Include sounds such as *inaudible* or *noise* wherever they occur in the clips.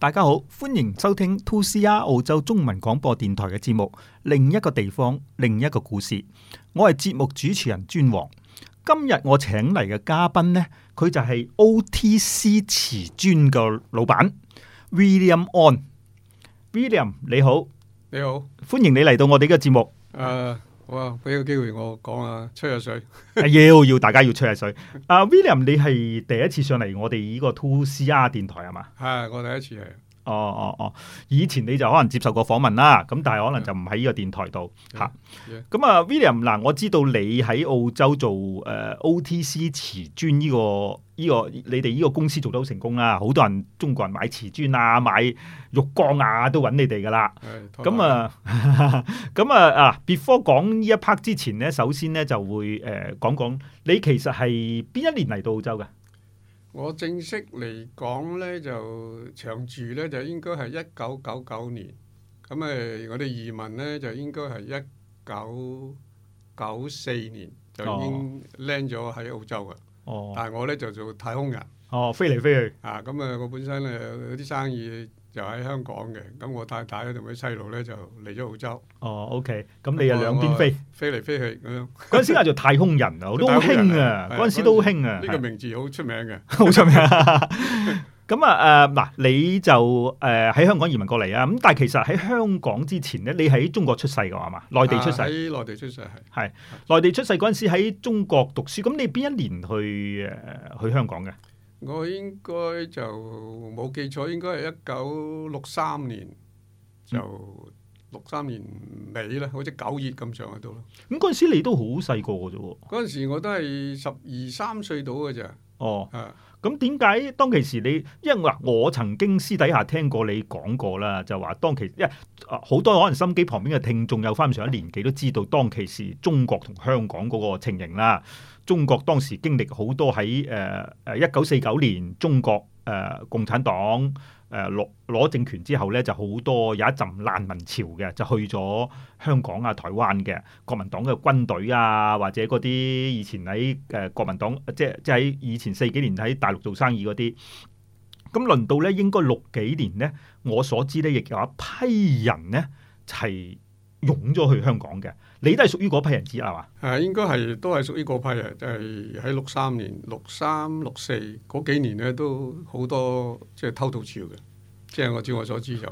大家好，歡迎收聽 2CR 澳洲中文廣播電台嘅節目，另一個地方，另一個故事。我係節目主持人尊王，今日我請嚟嘅嘉賓呢，佢就係 OTC 瓷磚嘅老闆 William Ong。William 你好，你好，歡迎你嚟到我哋嘅節目。Uh 哇！俾個機會我講啊，吹下水。 *laughs* 要要，大家要吹下水。阿、 *laughs* uh, William，你係第一次上嚟我哋呢個 2CR 電台係嘛？係，我第一次係。哦哦哦！Oh, oh, oh. 以前你就可能接受過訪問啦，咁但係可能就唔喺呢個電台度嚇。咁 Yeah, yeah. 啊，William 嗱，我知道你喺澳洲做誒、呃、OTC 瓷磚呢、這個呢、這個，你哋呢個公司做得好成功啦，好多人中國人買瓷磚啊、買浴缸啊都揾你哋噶啦。咁 Yeah, totally. 那啊咁 *laughs* 啊啊 Before 講呢一 part 之前呢，首先呢就會誒講講你其實係邊一年嚟到澳洲嘅？我正式嚟講咧，就長住咧就應該係一九九九年，咁誒我哋移民咧就應該係一九九四年就已經 land 咗喺澳洲噶，哦、但係我咧就做太空人，哦飛嚟飛去，啊咁誒我本身咧有啲生意。就喺香港嘅，咁我太太咧同佢細路咧就嚟咗澳洲。哦，OK，咁你呀兩邊飛，飛嚟飛去咁樣。嗰陣時啊，叫做太空人啊，我都好興啊，嗰陣時都好興啊。呢個名字好出名嘅，好出名。咁啊，誒嗱，你就誒喺香港移民過嚟啊。咁但係其實喺香港之前咧，你喺中國出世㗎係嘛？內地出世，喺內地出世，係，係內地出世，嗰陣時喺中國讀書。咁你邊一年去誒去香港嘅？我應該就冇記錯，應該係一九六三年就六三年尾啦，好似九月咁上喺度咯。咁嗰陣時你都好細個㗎啫喎？嗰陣時我都係十二三歲到㗎咋。哦，咁點解當其時你？因為我曾經私底下聽過你講過啦，就話當其時因為好多可能心機旁邊嘅聽眾有返咁上下年紀都知道當其時中國同香港嗰個情形啦。中國當時經歷好多，喺誒誒一九四九年中國誒、呃、共產黨誒攞攞政權之後咧，就好多有一陣難民潮嘅，就去咗香港啊、台灣嘅國民黨嘅軍隊啊，或者嗰啲以前喺誒、呃、國民黨、呃、即係即係喺以前四幾年喺大陸做生意嗰啲。咁輪到咧應該六幾年咧，我所知咧亦有一批人咧係湧咗去香港嘅。你都係屬於嗰批人字啊嘛？係應該係都係屬於嗰批人。啊、批就係喺六三年、六三、六四嗰幾年咧，都好多即係偷渡潮嘅。即係我照我所知就，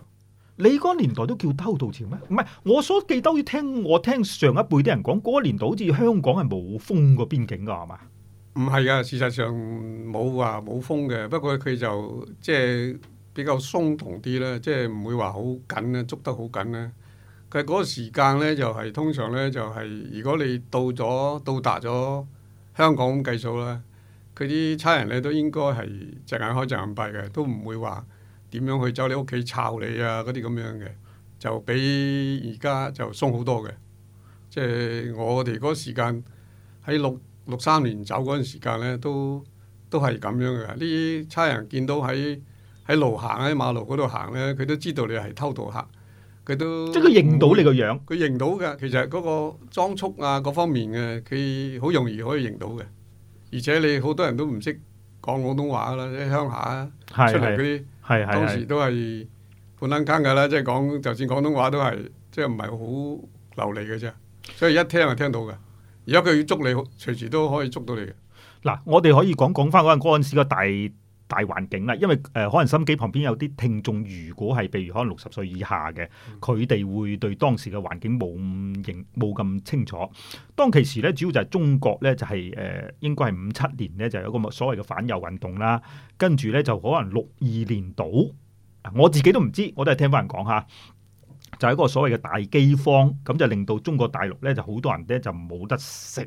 你嗰年代都叫偷渡潮咩？唔係，我所記得聽我聽上一輩啲人講，嗰年代好似香港係冇封個邊境㗎係嘛？唔係啊，事實上冇話冇封嘅，不過佢就即係比較鬆動啲啦，即係唔會話好緊咧，捉得好緊咧。佢嗰個時間咧，就係通常咧，就係如果你到咗到達咗香港咁計數啦，佢啲差人咧都應該係隻眼開隻眼閉嘅，都唔會話點樣去走你屋企抄你啊嗰啲咁樣嘅，就比而家就鬆好多嘅。即係我哋嗰時間喺六六三年走嗰陣時間咧，都都係咁樣嘅。呢啲差人見到喺喺路行喺馬路嗰度行咧，佢都知道你係偷渡客。佢都即係佢認到你個樣，佢認到嘅。其實嗰個裝束啊，各方面嘅，佢好容易可以認到嘅。而且你好多人都唔識講廣東話啦，啲鄉下啊，出嚟嗰啲，當時都係半愣更噶啦。是是是是即係講，就算廣東話都係即係唔係好流利嘅啫。所以一聽就聽到嘅。而家佢要捉你，隨時都可以捉到你嘅。嗱，我哋可以講講返嗰陣嗰陣時個大大環境啦，因為誒、呃、可能心機旁邊有啲聽眾，如果係譬如可能六十歲以下嘅，佢哋會對當時嘅環境冇咁認識，冇咁清楚。當其時咧，主要就係中國咧就係、是、誒、呃、應該係五七年咧就有、是、一個所謂嘅反右運動啦，跟住咧就可能六二年倒，我自己都唔知，我都係聽翻人講吓，就係、是、一個所謂嘅大饑荒，咁就令到中國大陸咧就好多人咧就冇得食。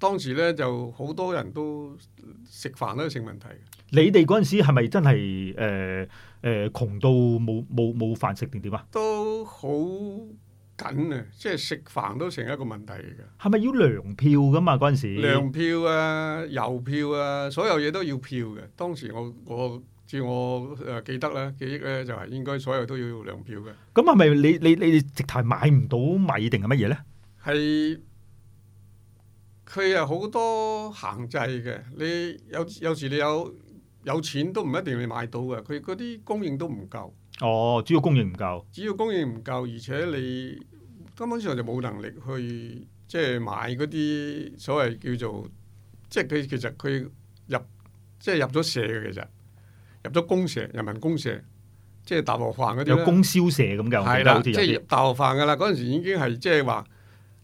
當時咧就好多人都食飯都成問題。你哋嗰陣時係咪真係誒誒窮到冇冇冇飯食定點啊？都好緊啊！即係食飯都成一個問題嚟嘅。係咪要糧票㗎嘛？嗰陣時糧票啊、郵票啊，所有嘢都要票嘅。當時我我據我誒記得啦，記憶咧，就係應該所有都要糧票嘅。咁係咪你你你哋直頭係買唔到米定係乜嘢咧？係。佢又好多限制嘅，你有有時你有有錢都唔一定你買到嘅，佢嗰啲供應都唔夠。哦，主要供應唔夠。主要供應唔夠，而且你根本上就冇能力去即係買嗰啲所謂叫做即係佢其實佢入即係入咗社嘅其實入咗公社人民公社，即係大鑊飯嗰啲有供銷社咁㗎，我記得好似即係大鑊飯㗎啦，嗰陣時已經係即係話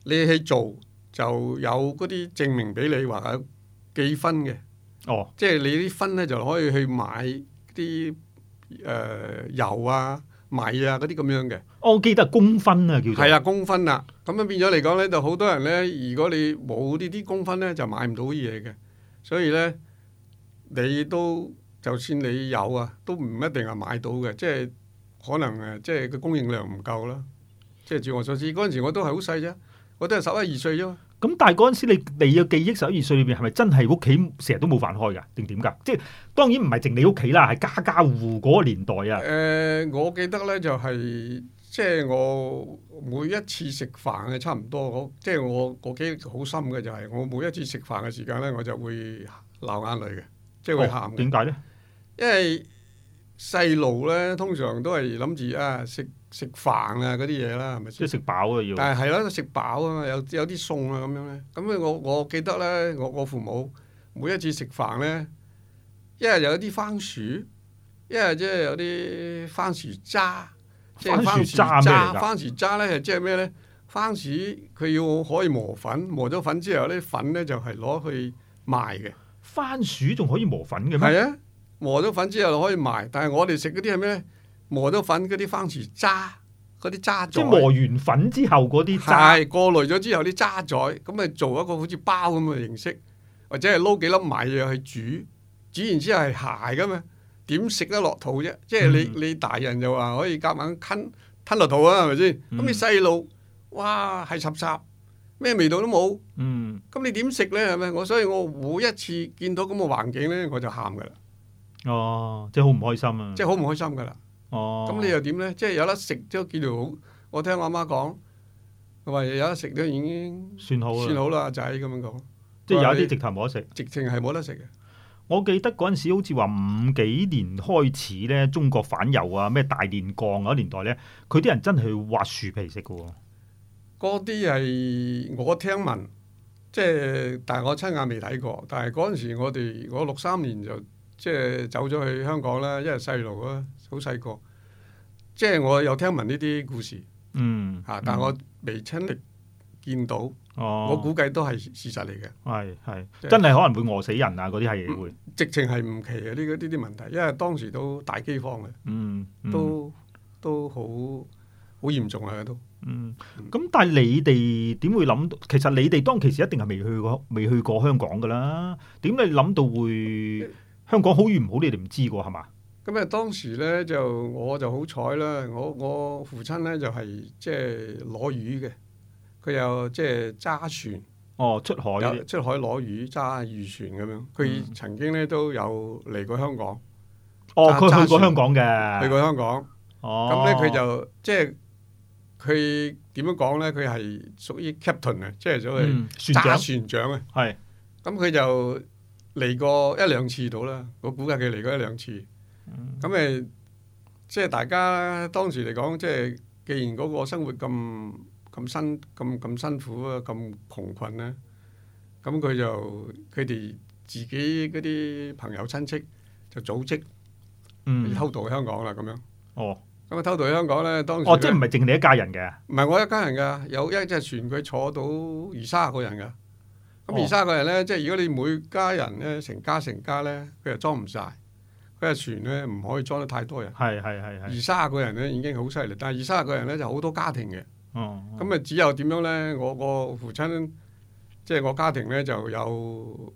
你去做。就有嗰啲證明俾你，話幾分嘅，哦，即係你啲分咧就可以去買啲誒、呃、油啊、米啊嗰啲咁樣嘅、哦。我記得公分啊，叫做係啊，公分啦、啊。咁啊變咗嚟講咧，就好多人咧，如果你冇呢啲公分咧，就買唔到嘢嘅。所以咧，你都就算你有啊，都唔一定係買到嘅，即係可能誒，即係個供應量唔夠啦。即係照我所知，嗰陣時我都係好細啫，我都係十一二歲啫。咁但係嗰陣時，你你嘅記憶十一二歲裏邊係咪真係屋企成日都冇飯開嘅，定點㗎？即係當然唔係淨你屋企啦，係家家戶戶嗰個年代啊。誒、呃，我記得咧就係、是、即係我每一次食飯嘅差唔多，即係我我記憶好深嘅就係、是、我每一次食飯嘅時間咧，我就會流眼淚嘅，即係會喊。點解咧？為呢因為細路咧通常都係諗住啊食。食飯啊嗰啲嘢啦，係咪先？即係食飽啊要。但係係咯，食飽啊嘛，有有啲餸啊咁樣咧。咁咧我我記得咧，我我父母每一次食飯咧，一係有啲番薯，一係即係有啲番薯渣。番薯渣番薯渣咧即係咩咧？番薯佢要可以磨粉，磨咗粉之後咧，粉咧就係攞去賣嘅。番薯仲可以磨粉嘅咩？係啊，磨咗粉之後可以賣。但係我哋食嗰啲係咩？磨咗粉嗰啲番薯渣，嗰啲渣即磨完粉之後嗰啲係過濾咗之後啲渣仔，咁咪做一個好似包咁嘅形式，或者係撈幾粒米嘢，去煮。煮完之後係鞋噶嘛？點食得落肚啫？即係你你大人又話可以夾硬，硬吞吞落肚啊？係咪先？咁、嗯、你細路哇係雜雜，咩味道都冇。嗯，咁你點食咧？係咪？我所以我每一次見到咁嘅環境咧，我就喊噶啦。哦，即係好唔開心啊！即係好唔開心噶啦。哦，咁你又點咧？即係有得食都幾條好。我聽我阿媽講，喂，有得食都已經算好，算好啦，阿仔咁樣講。即係是 有啲直頭冇得食，直情係冇得食嘅。我記得嗰陣時好似話五幾年開始咧，中國反右啊，咩大煉鋼嗰年代咧，佢啲人真係去挖樹皮食嘅。嗰啲係我聽聞，即、就、係、是、但係我親眼未睇過。但係嗰陣時我哋我六三年就即係、就是、走咗去香港啦，因為細路啊。好細個，即係我有聽聞呢啲故事，嗯吓，嗯但我未親歷見到，哦、我估計都係事實嚟嘅，係係、就係、真係可能會餓死人啊！嗰啲係會，嗯、直情係唔奇嘅呢呢啲問題，因為當時都大饑荒嘅、嗯，嗯，都都好好嚴重啊！都，嗯，咁但係你哋點會諗？其實你哋當其時一定係未去過，未去過香港噶啦，點解你諗到會香港好與唔好？你哋唔知個係嘛？咁啊！當時咧就我就好彩啦，我我父親咧就係即係攞魚嘅，佢又即係揸船。哦，出海，嗯、出海攞海魚揸漁船咁樣。佢曾經咧都有嚟過香港。哦，佢拿去過香港嘅，去過香港。咁咧佢就即係佢點樣講咧？佢係屬於 captain 嘅，即係所謂揸、嗯、船長啊。係。咁佢是就嚟過一兩次到啦。我估計佢嚟過一兩次。咁誒，嗯嗯、即係大家當時嚟講，即係既然嗰個生活咁咁、嗯、辛咁咁麼辛苦啊，咁窮、嗯、困咧，咁佢就佢哋自己嗰啲朋友親戚就組織，嗯，偷渡香港啦，咁樣。哦，咁啊偷渡香港咧，當時哦，即係唔係淨你一家人嘅，唔係我一家人噶，有一隻船佢坐到二卅個人噶，咁二卅個人咧，即係如果你每家人咧成家成家咧，佢又裝唔晒。佢隻船咧唔可以裝得太多人，係係係係二三十個人咧已經好犀利，但係二三十個人咧就好多家庭嘅，咁啊、哦哦、只有點樣咧？我個父親即係我家庭咧就有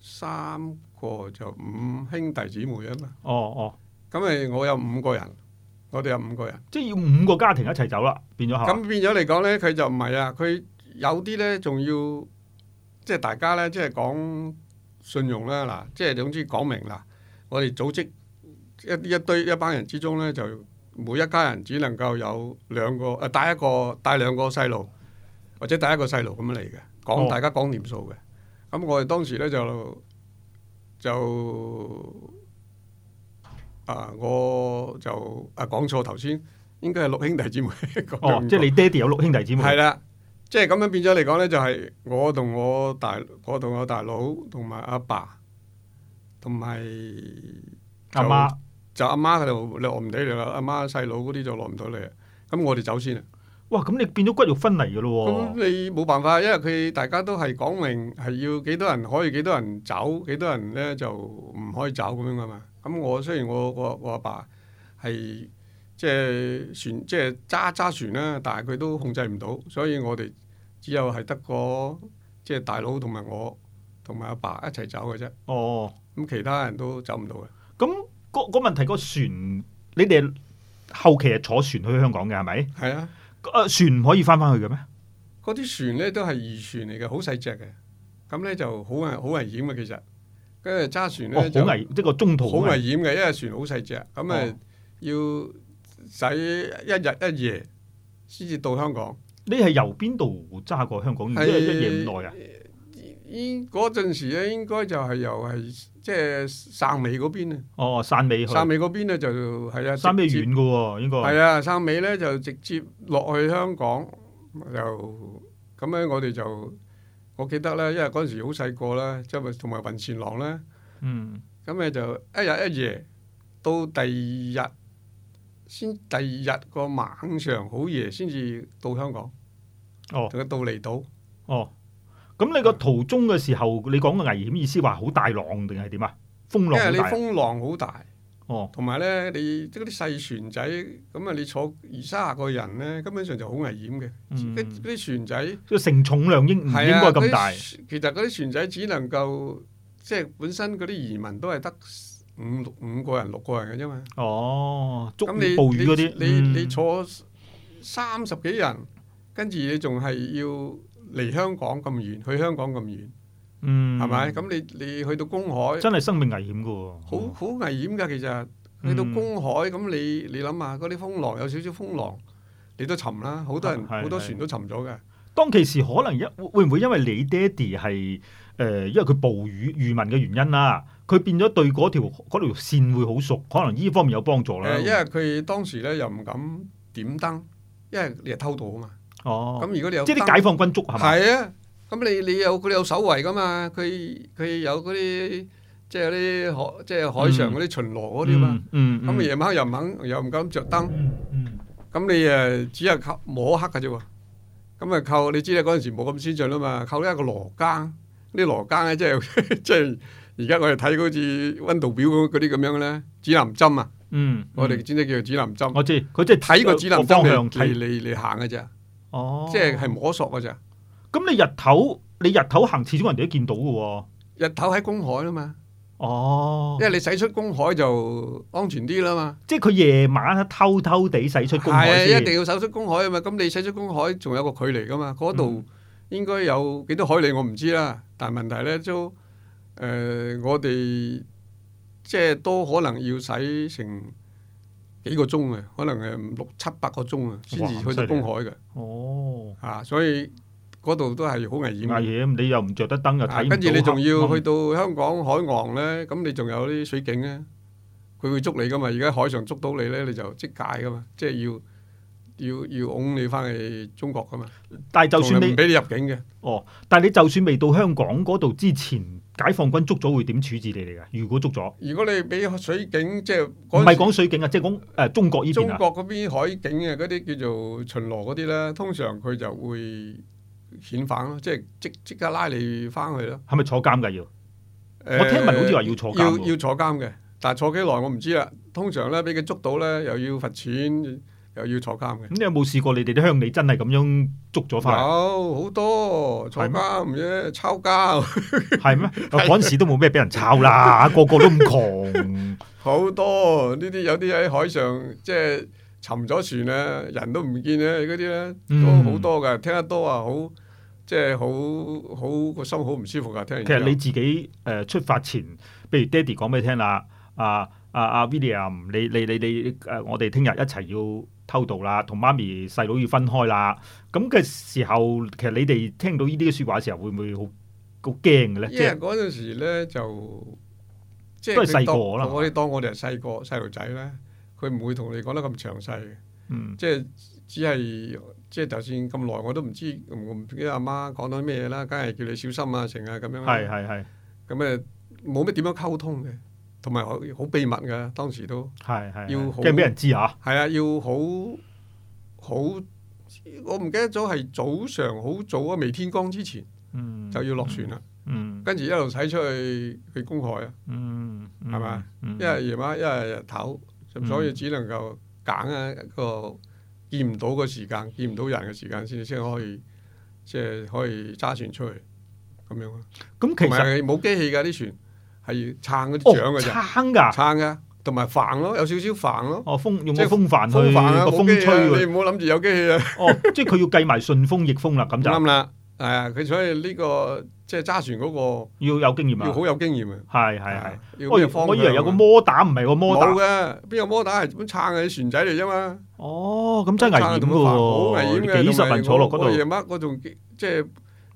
三個就五兄弟姊妹啊嘛，哦哦，咁、哦、啊我有五個人，我哋有五個人，即係要五個家庭一齊走啦，變咗咁變咗嚟講咧，佢就唔係啊，佢有啲咧仲要即係大家咧即係講信用啦，嗱，即係總之講明啦。我哋組織一一堆一班人之中咧，就每一家人只能夠有兩個誒，帶一個帶兩個細路，或者帶一個細路咁樣嚟嘅，講大家講點數嘅。咁、嗯、我哋當時咧就就啊，我就啊講錯頭先，應該係六兄弟姊妹講。 *laughs* 個哦，即係你爹哋有六兄弟姊妹。係啦，即係咁樣變咗嚟講咧，就係、是、我同我大我同我大佬同埋阿爸。同埋阿媽就阿媽嗰度落唔到嚟啦，阿媽細佬嗰啲就落唔到嚟，咁我哋走先啊！哇，咁你變咗骨肉分離嘅咯喎！咁你冇辦法，因為佢大家都係講明係要幾多人可以幾多人走，幾多人咧就唔可以走咁樣啊嘛！咁我雖然我我我阿爸係即係船即係揸揸船啦，但係佢都控制唔到，所以我哋只有係得個即係大佬同埋我同埋阿爸一齊走嘅啫。哦。咁其他人都走唔到嘅。咁嗰嗰問題，個船你哋後期係坐船去香港嘅係咪？係啊。誒船唔可以返返去嘅咩？嗰啲船咧都係漁船嚟嘅，好細隻嘅。咁咧就好啊，好危險嘅。其實。跟住揸船咧就好危，即係個中途好危險嘅、哦，因為船好細隻，咁啊、哦、要使一日一夜先至到香港。你係由邊度揸過香港？即係是一夜唔耐啊？依嗰陣時咧，應該就係由係即係汕尾嗰邊、哦、汕尾嗰邊啊。哦，汕尾。汕尾嗰邊咧就係啊。汕尾遠嘅喎，應該。係啊，汕尾咧就直接落去香港，就咁咧。樣我哋就我記得咧，因為嗰陣時好細個啦，即係同埋暈船浪咧。嗯。咁咧就一日一夜，到第二日先第二日個晚上好夜先至到香港。哦。同佢到離島。哦。咁你個途中嘅時候，你講個危險意思，話好大浪定係點啊？風浪，因為你風浪好大，哦，同埋咧，你即係嗰啲細船仔，咁啊，你坐二卅個人咧，根本上就好危險嘅。啲、嗯、船仔，佢成重量應唔應該咁大，啊？其實嗰啲船仔只能夠，即係本身嗰啲移民都係得五六五個人六個人嘅啫嘛。哦，捉你暴雨嗰啲，嗯，你你坐三十幾人，跟住你仲係要。離香港咁遠，去香港咁遠，嗯，係咪？咁你你去到公海，真係生命危險㗎，好好危險㗎。其實、嗯、去到公海，咁你你諗下嗰啲風浪，有少少風浪，你都沉啦。好多人，好多船都沉咗嘅。當其時可能因會唔會因為你爹哋係誒，因為佢捕魚漁民嘅原因啦，佢變咗對嗰條嗰條線會好熟，可能呢方面有幫助啦、呃。因為佢當時咧又唔敢點燈，因為你係偷渡啊嘛。哦，咁如果你有即係啲解放軍捉係咪？係啊，咁你你有佢有守衛噶嘛？佢佢有嗰啲即係啲海即係海上嗰啲巡邏嗰啲嘛？咁夜、嗯嗯嗯、晚黑又唔肯又唔敢着燈，咁、嗯嗯、你誒，只係靠摸黑嘅啫。咁啊靠，你知啦，嗰陣時冇咁先進啦嘛，靠一個羅庚，呢羅庚咧即係即係，而 *laughs* 家我哋睇好似溫度表嗰啲咁樣咧，指南針啊，嗯嗯、我哋簡稱叫做指南針。我知，佢即係睇個指南針嘅方向嚟行嘅啫。即係係摸索嘅咋，咁你日頭你日頭行，始終人哋都見到嘅。日頭喺公海啊嘛，哦，因為你駛出公海就安全啲啦嘛。即係佢夜晚偷偷地駛出公海先。係，一定要駛出公海啊嘛。咁你駛出公海，仲有個距離噶嘛。嗰度應該有幾多海里，我唔知啦。但係問題咧，都誒，我哋即係都可能要駛成。幾個鐘啊？可能係六七百個鐘啊，先至去到公海嘅。哦，嚇！所以嗰度都係好危險。危險！你又唔著得燈又睇，跟住你仲要去到香港海岸咧，咁你仲有啲水警咧，佢會捉你噶嘛？而家海上捉到你咧，你就即解噶嘛？即係要要要擁你返去中國噶嘛？但係就算你唔俾你入境嘅。哦，但係你就算未到香港嗰度之前。解放軍捉咗會點處置你哋噶？如果捉咗，如果你俾水警即係唔係講水警，呃、啊？即係講誒中國呢邊中國嗰邊海警啊嗰啲叫做巡邏嗰啲咧，通常佢就會遣返咯，即係即即刻拉你翻去咯。係咪坐監㗎要？呃、我聽聞好似話要坐監要要坐監嘅，但係坐幾耐我唔知啦。通常咧，俾佢捉到咧，又要罰錢。又要坐監嘅，咁你有冇試過你哋啲鄉里真係咁樣捉咗翻？有好多坐監嘅抄家，係咩？嗰陣時都冇咩俾人抄啦，個個都咁窮。好多呢啲有啲喺海上即係沉咗船啊，人都唔見啊，嗰啲咧都好多嘅。聽得多啊，好即係好好個心好唔舒服嘅。聽，其實你自己誒出發前，譬如爹哋講俾你聽啦，啊啊阿 William，你你你你誒，我哋聽日一齊要。偷渡啦，同媽咪細佬要分開啦。咁嘅時候，其實你哋聽到呢啲説話嘅時候，會唔會好好驚嘅咧？即係嗰陣時咧，就即係細個啦。我哋當我哋係細個細路仔咧，佢唔會同你講得咁詳細嘅。即係只係即係，就算咁耐，我都唔知我唔記得阿媽講到咩啦。梗係叫你小心啊，成日咁樣。係係係。咁誒，冇乜點樣溝通嘅。的同埋好好秘密嘅，當時都係係要好驚很俾人知啊！係啊，要好好我唔記得咗係早上好早啊，未天光之前、嗯、就要落船啦。嗯、跟住一路駛出去去公海啊、嗯。嗯，係咪吧？因為夜晚，因為日頭，所以只能夠揀啊一、嗯、個見唔到嘅時間，見唔到人嘅時間先先可以即係可以揸船出去咁樣啊。咁其實冇機器㗎啲船。係撐啲掌，撐噶撐噶，同埋帆咯，有少少帆咯。哦，風用個風帆，風帆個風吹。你唔好諗住有機器啊！哦，即係佢要計埋順風逆風啦，咁就啱啦。係啊，佢所以呢個即係揸船嗰個要有經驗啊，要好有經驗啊。係係係。我以為有個摩打，唔係個摩打。冇嘅，邊有摩打？係咁撐嘅船仔嚟啫嘛。哦，咁真係危險好危險嘅，幾十人坐落嗰度夜晚，我仲即係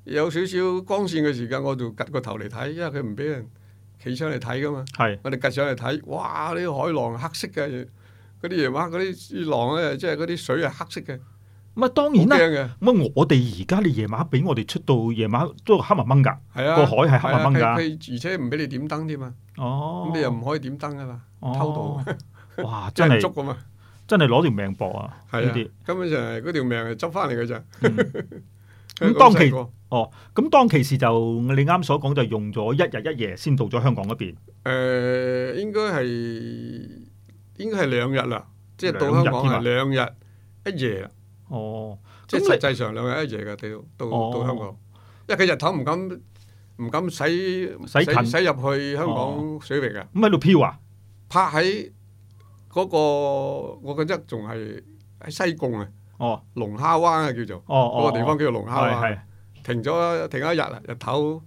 有少少光線嘅時間，我就擳個頭嚟睇，因為佢唔俾人。企上嚟睇噶嘛，我哋隔上嚟睇，哇！啲海浪黑色嘅，嗰啲夜晚嗰啲浪咧，即係嗰啲水係黑色嘅。咁啊，當然啦，咁我哋而家你夜晚俾我哋出到夜晚都黑密密噶，個海係黑密掹噶，而且唔俾你點燈添啊。哦，咁你又唔可以點燈噶嘛，偷到，哇！真係捉噶嘛，真係攞條命搏啊。係啊，根本就係嗰條命執翻嚟噶咋。咁當其。哦，咁當其時就你啱所講，就用咗一日一夜先到咗香港嗰邊。誒，應該係應該係兩日啦，即係到香港係兩日一夜啦。哦，即係實際上兩日一夜嘅，到到到香港，因為佢日頭唔敢唔敢使使使入去香港水域嘅。咁喺度飄啊，泊喺嗰個，我覺得仲係喺西貢啊，哦，龍蝦灣啊叫做，哦，嗰個地方叫做龍蝦灣。停咗停一日啦，日頭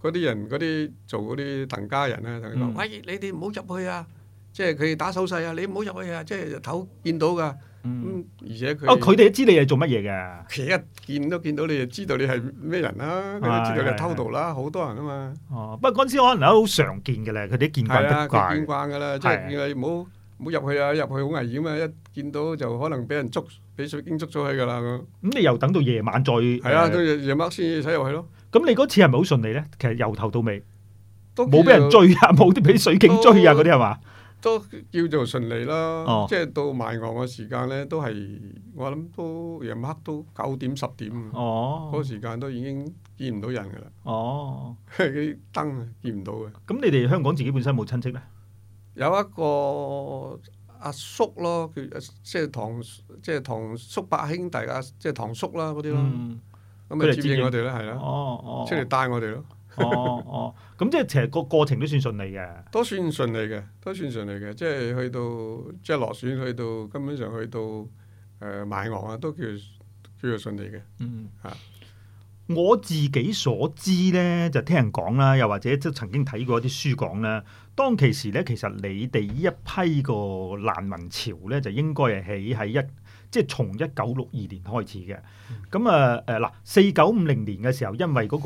嗰啲人嗰啲做嗰啲鄧家人啊，同佢講：嗯、喂，你哋唔好入去啊！即係佢打手勢啊，你唔好入去啊！即、就、係、是、日頭見到噶，嗯，而且佢哦，佢哋都知你係做乜嘢嘅。佢一見都見到，見到你，就知道你係咩人啦、啊。佢都知道你偷渡啦，好、哎、呀多人啊嘛。不過嗰陣時可能都好常見嘅咧，佢啲見慣不怪、啊、見慣嘅啦，即係、啊、你唔好唔好入去啊！入去好危險啊，一見到就可能俾人捉。俾水警捉咗喺噶啦咁，咁你又等到夜晚再係啊？到夜晚黑先使入去咯。咁、呃、你嗰次係咪好順利咧？其實由頭到尾都冇叫俾人追啊，冇啲俾水警追啊，嗰啲係嘛？都叫做順利啦。哦、即係到埋岸嘅時間咧，都係我諗都夜晚黑都九點十點。哦，嗰個時間都已經見唔到人噶啦。哦，啲燈 *laughs* 見唔到嘅。咁你哋香港自己本身冇親戚咩？有一個。阿、啊、叔咯，佢即係堂，即係堂叔伯兄弟啊，即係堂叔啦嗰啲咯，咁咪、嗯、接,接應我哋咧，係啦、哦，出、哦、嚟帶我哋咯。哦哦，咁、哦 *laughs* 哦哦、即係其實個過程都算順利嘅，都算順利嘅，都算順利嘅。即係去到即係落選，去到根本上去到誒買鵝啊，都叫叫做順利嘅。嗯，嚇、啊，我自己所知咧，就聽人講啦，又或者即曾經睇過啲書講啦。當其時咧，其實你哋呢一批個難民潮咧，就應該係起喺一，即係從一九六二年開始嘅。咁啊、嗯，誒嗱、嗯呃，四九五零年嘅時候，因為嗰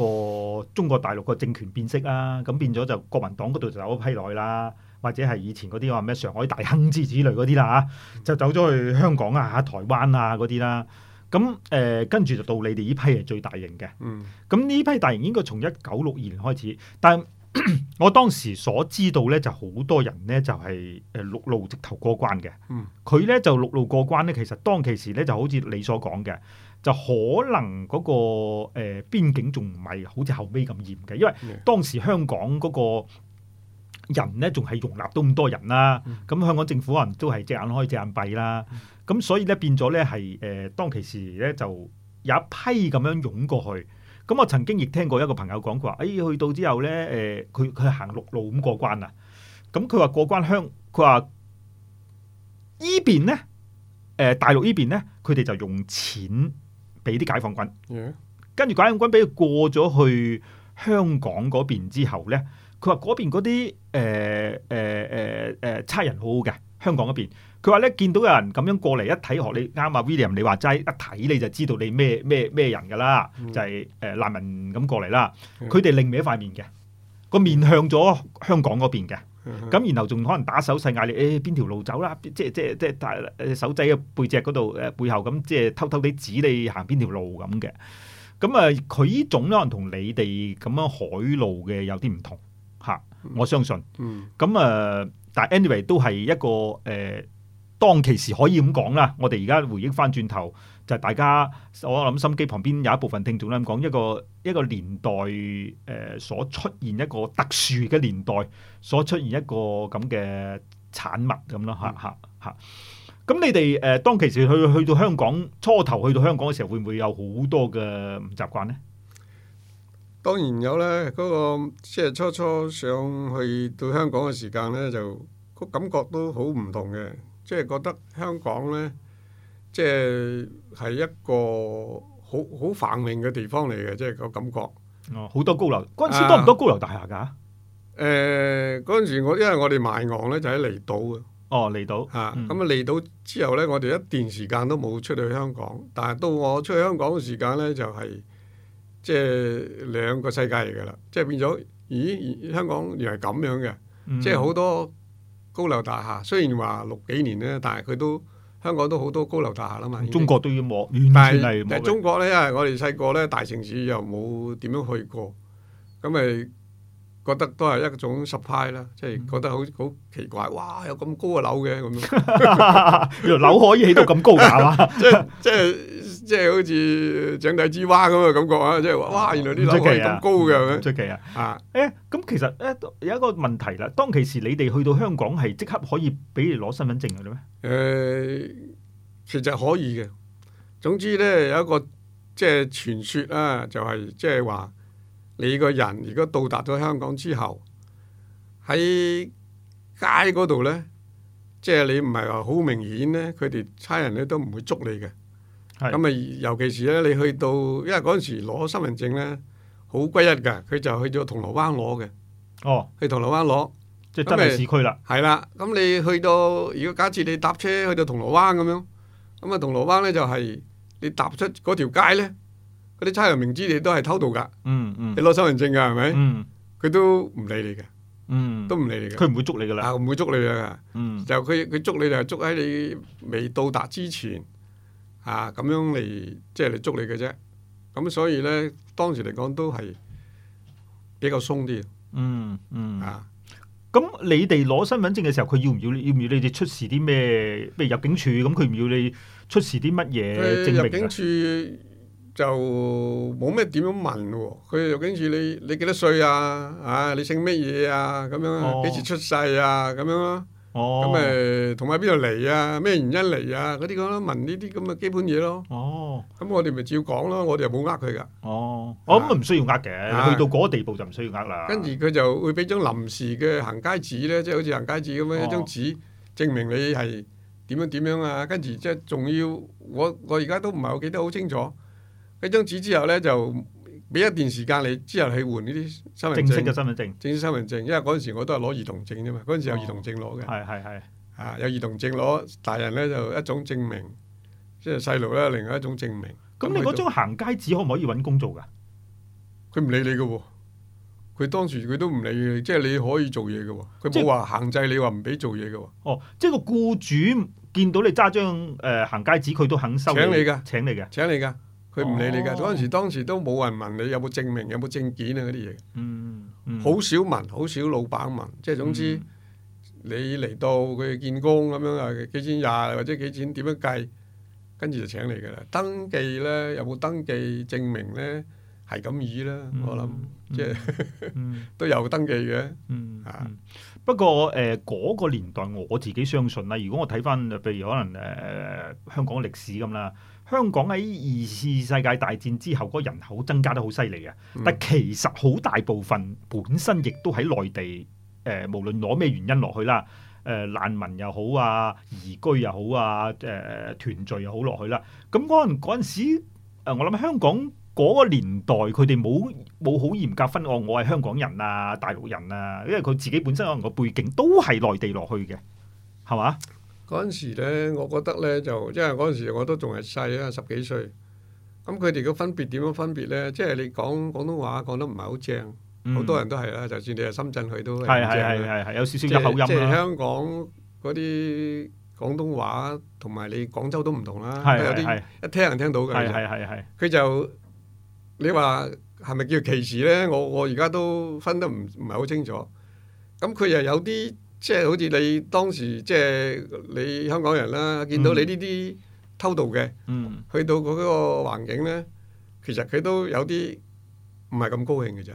個中國大陸個政權變色啦、啊，咁變咗就國民黨嗰度就有一批來啦，或者係以前嗰啲話咩上海大亨之類嗰啲啦嚇，就走咗去香港啊、台灣啊嗰啲啦。咁誒、啊，跟、呃、住就到你哋呢批係最大型嘅。嗯，咁呢批大型應該從一九六二年開始，但 *coughs* 我當時所知道咧，就好多人咧，就係、是、誒陸路直頭過關嘅。佢咧、嗯、就陸路過關咧，其實當其時咧就好似你所講嘅，就可能嗰、那個誒、呃、邊境仲唔係好似後尾咁嚴嘅，因為當時香港嗰個人咧仲係容納到咁多人啦、啊。咁、嗯嗯、香港政府人都係隻眼開隻眼閉啦、啊。咁、嗯、所以咧變咗咧係誒當其時咧就有一批咁樣湧過去。咁我曾經亦聽過一個朋友講佢話，哎、嗯，去到之後咧，誒，佢佢行陸路咁過關啊。咁佢話過關香，佢話呢邊咧，誒大陸呢邊咧，佢哋就用錢俾啲解放軍，跟住解放軍俾佢過咗去香港嗰邊之後咧，佢話嗰邊嗰啲誒誒誒誒差人好好嘅。香港嗰邊，佢話咧見到有人咁樣過嚟一睇學你啱啊，William 你話齋一睇你就知道你咩咩咩人㗎啦，嗯、就係誒難民咁過嚟啦。佢哋、嗯、另一塊面嘅個面向咗香港嗰邊嘅，咁、嗯、然後仲可能打手勢嗌你誒邊、哎、條路走啦，即即即手仔嘅背脊嗰度誒背後咁，即偷偷地指你行邊條路咁嘅。咁啊，佢、嗯、呢、呃、種可能同你哋咁樣海路嘅有啲唔同吓、啊，我相信。咁、嗯、啊。嗯嗯嗯嗯嗯嗯嗯但 anyway 都係一個誒、呃、當其時可以咁講啦，我哋而家回憶返轉頭就係、是、大家我諗心機旁邊有一部分聽眾咧，咁講一個一個年代誒、呃、所出現一個特殊嘅年代，所出現一個咁嘅產物咁咯，嚇嚇嚇，咁、嗯啊啊啊、你哋誒、呃、當其時去去到香港初頭去到香港嘅時候會唔會有好多嘅唔習慣呢？當然有咧，嗰個即係初初上去到香港嘅時間咧，就個感覺都好唔同嘅，即係覺得香港咧，即係係一個好好繁榮嘅地方嚟嘅，即係個感覺。哦，好多高樓，嗰陣時多唔多高樓大廈㗎？誒，嗰陣時我因為我哋賣岸咧就喺離島嘅。哦，離島嚇，咁啊離島之後咧，我哋一段時間都冇出去香港，但係到我出去香港嘅時間咧就係。即係兩個世界嚟噶啦，即係變咗，咦？香港原來係咁樣嘅，即係好多高樓大廈。雖然話六幾年咧，但係佢都香港都好多高樓大廈啦嘛。中國都要摸，完全係。但係中國咧，因為我哋細個咧，大城市又冇點樣去過，咁咪覺得都係一種失派啦。即係覺得好好奇怪，哇！有咁高嘅樓嘅咁樣，原來樓可以起到咁高嘅係嘛？即係即係。即係好似井底之蛙咁嘅感覺啊！即係話，哇！原來啲樓係咁高嘅，出奇啊！啊，誒咁、嗯嗯、其實誒有一個問題啦。當其時你哋去到香港係即刻可以俾你攞身份證嘅咧咩？誒，其實可以嘅。總之咧有一個即係、就是、傳説啊，就係即係話你個人如果到達咗香港之後喺街嗰度咧，即、就、係、是、你唔係話好明顯咧，佢哋差人咧都唔會捉你嘅。咁咪、嗯、尤其是咧，你去到，因為嗰陣時攞身份證咧好歸一嘅，佢就去咗銅鑼灣攞嘅。哦，去銅鑼灣攞，即係都係市區啦。係啦，咁你去到，如果假設你搭車去到銅鑼灣咁樣，咁啊銅鑼灣咧就係、是、你搭出嗰條街咧，嗰啲差人明知你都係偷渡噶，嗯嗯，你攞身份證噶係咪？嗯，佢都唔理你嘅，嗯，嗯都唔理你嘅。佢唔、嗯嗯、會捉你㗎啦，唔會捉你嘅。嗯，就佢佢捉你就係捉喺你未到達之前。啊，咁樣嚟即係嚟捉你嘅啫，咁、啊、所以咧當時嚟講都係比較鬆啲、嗯。嗯嗯。啊，咁你哋攞身份證嘅時候，佢要唔要？要唔要你哋出示啲咩？譬如入境處，咁佢唔要你出示啲乜嘢證明啊？入境處就冇咩點樣問喎、哦。佢入境處你你幾多歲啊？啊，你姓乜嘢啊？咁樣幾、哦、時出世啊？咁樣、啊。哦，咁誒，同埋邊度嚟啊？咩原因嚟啊？嗰啲咁咯，問呢啲咁嘅基本嘢咯。哦，咁、嗯、我哋咪照講咯，我哋又冇呃佢噶。哦，我諗唔需要呃嘅，啊、去到嗰個地步就唔需要呃啦。跟住佢就會俾張臨時嘅行街紙咧，即、就、係、是、好似行街紙咁樣一張紙、哦，證明你係點樣點樣啊。跟住即係仲要，我我而家都唔係好記得好清楚。一張紙之後咧就。俾一段時間你之後去換呢啲身份證，正式嘅身份證，正式身份證。因為嗰陣時我都係攞兒童證啫嘛，嗰陣時有兒童證攞嘅。係係係，啊，有兒童證攞，大人咧就一種證明，嗯、即係細路咧另外一種證明。咁、嗯、你嗰張行街紙可唔可以揾工做噶？佢唔理你嘅喎，佢當時佢都唔理你，即係你可以做嘢嘅喎，佢冇話限制你話唔俾做嘢嘅喎。哦，即係個僱主見到你揸張誒行街紙，佢都肯收你嘅，請你嘅，請你嘅。請你佢唔理你㗎，當時、哦、當時都冇人問你有冇證明、有冇證件啊嗰啲嘢，嗯，好少問，好少老闆問，即係總之你嚟到佢見工咁樣啊，幾錢廿或者幾錢點樣計，跟住就請你㗎啦。登記咧有冇登記證明咧係咁意啦，我諗即係都有登記嘅，嚇、嗯。嗯嗯、不過誒嗰、呃嗰個年代我自己相信啦，如果我睇翻譬如可能誒、呃呃、香，香港歷史咁啦。香港喺二次世界大戰之後，個人口增加得好犀利啊，但其實好大部分本身亦都喺內地。誒、呃，無論攞咩原因落去啦，誒、呃、難民又好啊，移居又好啊，誒、呃、團聚又好落去啦。咁嗰陣嗰陣時，我諗香港嗰個年代，佢哋冇冇好嚴格分我我係香港人啊，大陸人啊，因為佢自己本身可能個背景都係內地落去嘅，係嘛？嗰陣時咧，我覺得咧就，即係嗰陣時我都仲係細啦，十幾歲。咁佢哋嘅分別點樣分別咧？即係你講廣東話講得唔係好正，好多人都係啦。就算你係深圳去都係。係係係，有少少口音，即係香港嗰啲廣東話，同埋你廣州都唔同啦。係係係。有啲一聽人聽到嘅。係係係，佢就你話係咪叫歧視咧？我我而家都分得唔唔係好清楚。咁佢又有啲。即係好似你當時，即係你香港人啦，見到你呢啲偷渡嘅，嗯、去到嗰個環境咧，其實佢都有啲唔係咁高興嘅咋。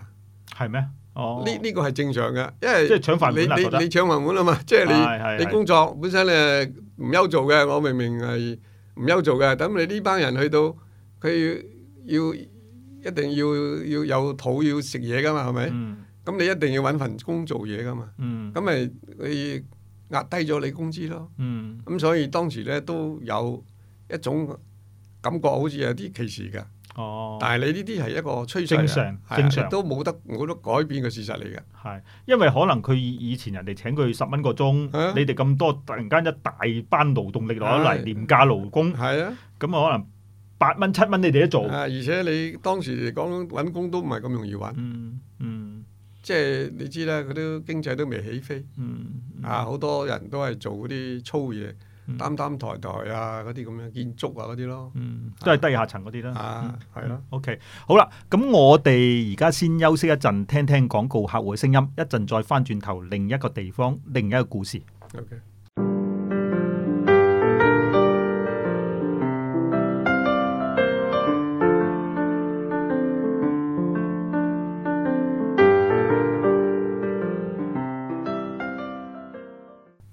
係咩？呢、哦、呢、呢個係正常嘅，因為你即係搶飯碗啊嘛！即係你、哎、你工作本身你係唔休做嘅，我明明係唔憂做嘅，咁你呢班人去到佢要，要一定要要有肚要食嘢噶嘛，係咪？嗯咁你一定要揾份工做嘢噶嘛？咁咪你壓低咗你工資咯。咁、嗯嗯、所以當時呢，都有一種感覺，好似有啲歧視嘅。哦、但係你呢啲係一個趨勢，正常，是正常都冇得冇得改變嘅事實嚟嘅。係因為可能佢以前人哋請佢十蚊個鐘，啊、你哋咁多突然間一大班勞動力落嚟，的廉價勞工。係啊的，咁可能八蚊七蚊你哋都做，啊。而且你當時嚟講揾工都唔係咁容易揾。嗯嗯嗯即係你知啦，佢都經濟都未起飛，嗯嗯、啊好多人都係做嗰啲粗嘢，擔擔抬抬啊嗰啲咁樣建築啊嗰啲咯，嗯、都係低下層嗰啲啦，係咯。OK，好啦，咁我哋而家先休息一陣，聽聽廣告客戶嘅聲音，一陣再翻轉頭另一個地方，另一個故事。OK。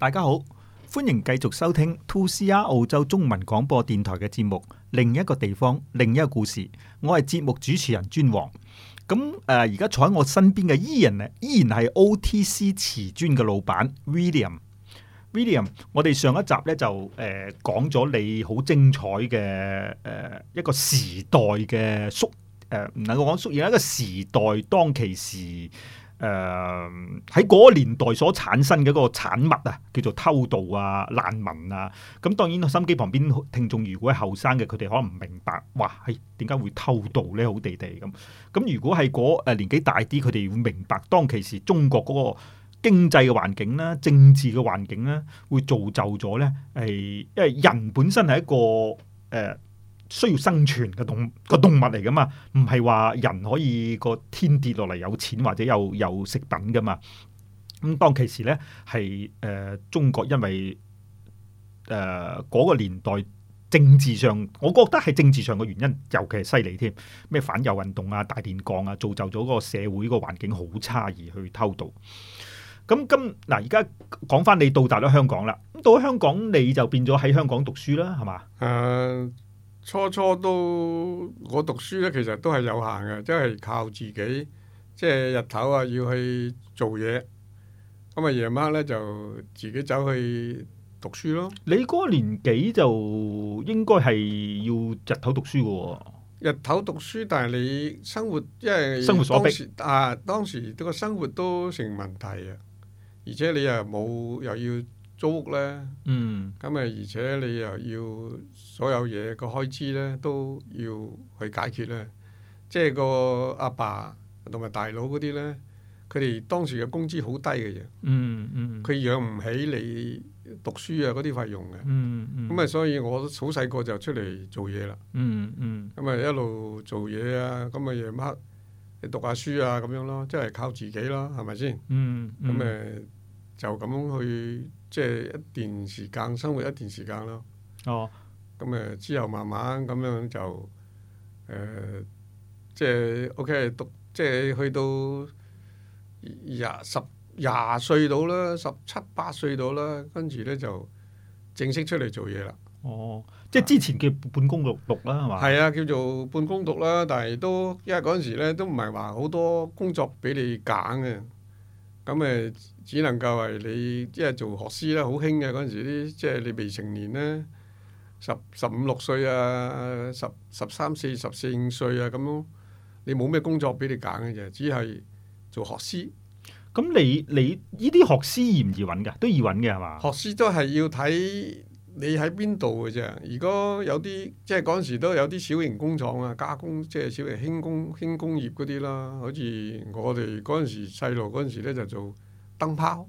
大家好，歡迎繼續收聽 2CR 澳洲中文廣播電台嘅節目，另一個地方，另一個故事。我係節目主持人尊王。咁、嗯、誒，而、呃、家坐喺我身邊嘅伊人呢，依然係 OTC 瓷磚嘅老闆 William。William，我哋上一集呢就誒、呃、講咗你好精彩嘅，誒、呃、一個時代嘅縮誒，唔、呃、能夠講縮，而係一個時代當其時。誒，喺嗰、uh, 個年代所產生嘅一個產物啊，叫做偷渡啊、難民啊。咁當然心機旁邊聽眾，如果係後生嘅，佢哋可能唔明白，哇，點、哎、解會偷渡呢？好地地咁。咁如果係嗰年紀大啲，佢哋會明白當其時中國嗰個經濟嘅環境啦、啊、政治嘅環境啦、啊，會造就咗呢，係因為人本身係一個誒、呃需要生存嘅動、個動物嚟噶嘛？唔係話人可以、個天跌落嚟有錢或者有有食品噶嘛？咁、嗯、當其時呢係誒、呃、中國因為誒嗰、呃嗰個年代政治上，我覺得係政治上嘅原因，尤其係犀利添。咩反右運動啊、大煉鋼啊，造就咗個社會個環境好差，而去偷渡。咁、嗯、今嗱，而家講翻你到達咗香港啦，咁到咗香港你就變咗喺香港讀書啦，係嘛？誒、uh。初初都我讀書咧，其實都係有限嘅，即係靠自己，即係日頭啊，要去做嘢，咁啊夜晚咧就自己走去讀書咯。你嗰年紀就應該係要日頭讀書嘅喎。日頭讀書，但係你生活，因為生活所逼啊，當時個生活都成問題啊，而且你又冇又要，租屋咧，咁啊、嗯，而且你又要所有嘢個開支咧，都要去解決咧。即係個阿爸同埋大佬嗰啲咧，佢哋當時嘅工資好低嘅嘢，佢、嗯嗯、養唔起你讀書啊嗰啲費用嘅。咁啊、嗯，嗯、所以我好細個就出嚟做嘢啦。咁、嗯嗯、啊，一路做嘢啊，咁啊，夜晚黑你讀下書啊，咁樣咯，即係靠自己咯，係咪先？咁誒、嗯，嗯、就咁去。即係一段時間生活一段時間咯。哦，咁誒之後慢慢咁樣就誒，即係 OK 讀，即係去到廿十廿歲度啦，十七八歲度啦，跟住咧就正式出嚟做嘢啦。哦，oh. 即係之前叫半工六讀啦，係嘛？係啊，叫做半工讀啦，但係都因為嗰陣時咧都唔係話好多工作俾你揀嘅。咁誒，只能夠係你即係做學師啦，好興嘅嗰陣時啲，即係你未成年咧，十十五六歲啊，十十三四十四五歲啊，咁咯，你冇咩工作俾你揀嘅啫，只係做學師。咁你你呢啲學師易唔易揾噶？都易揾嘅係嘛？學師都係要睇。你喺邊度嘅啫？如果有啲即係嗰陣時都有啲小型工廠啊，加工即係小型輕工輕工業嗰啲啦。好似我哋嗰陣時細路嗰陣時咧，就做燈泡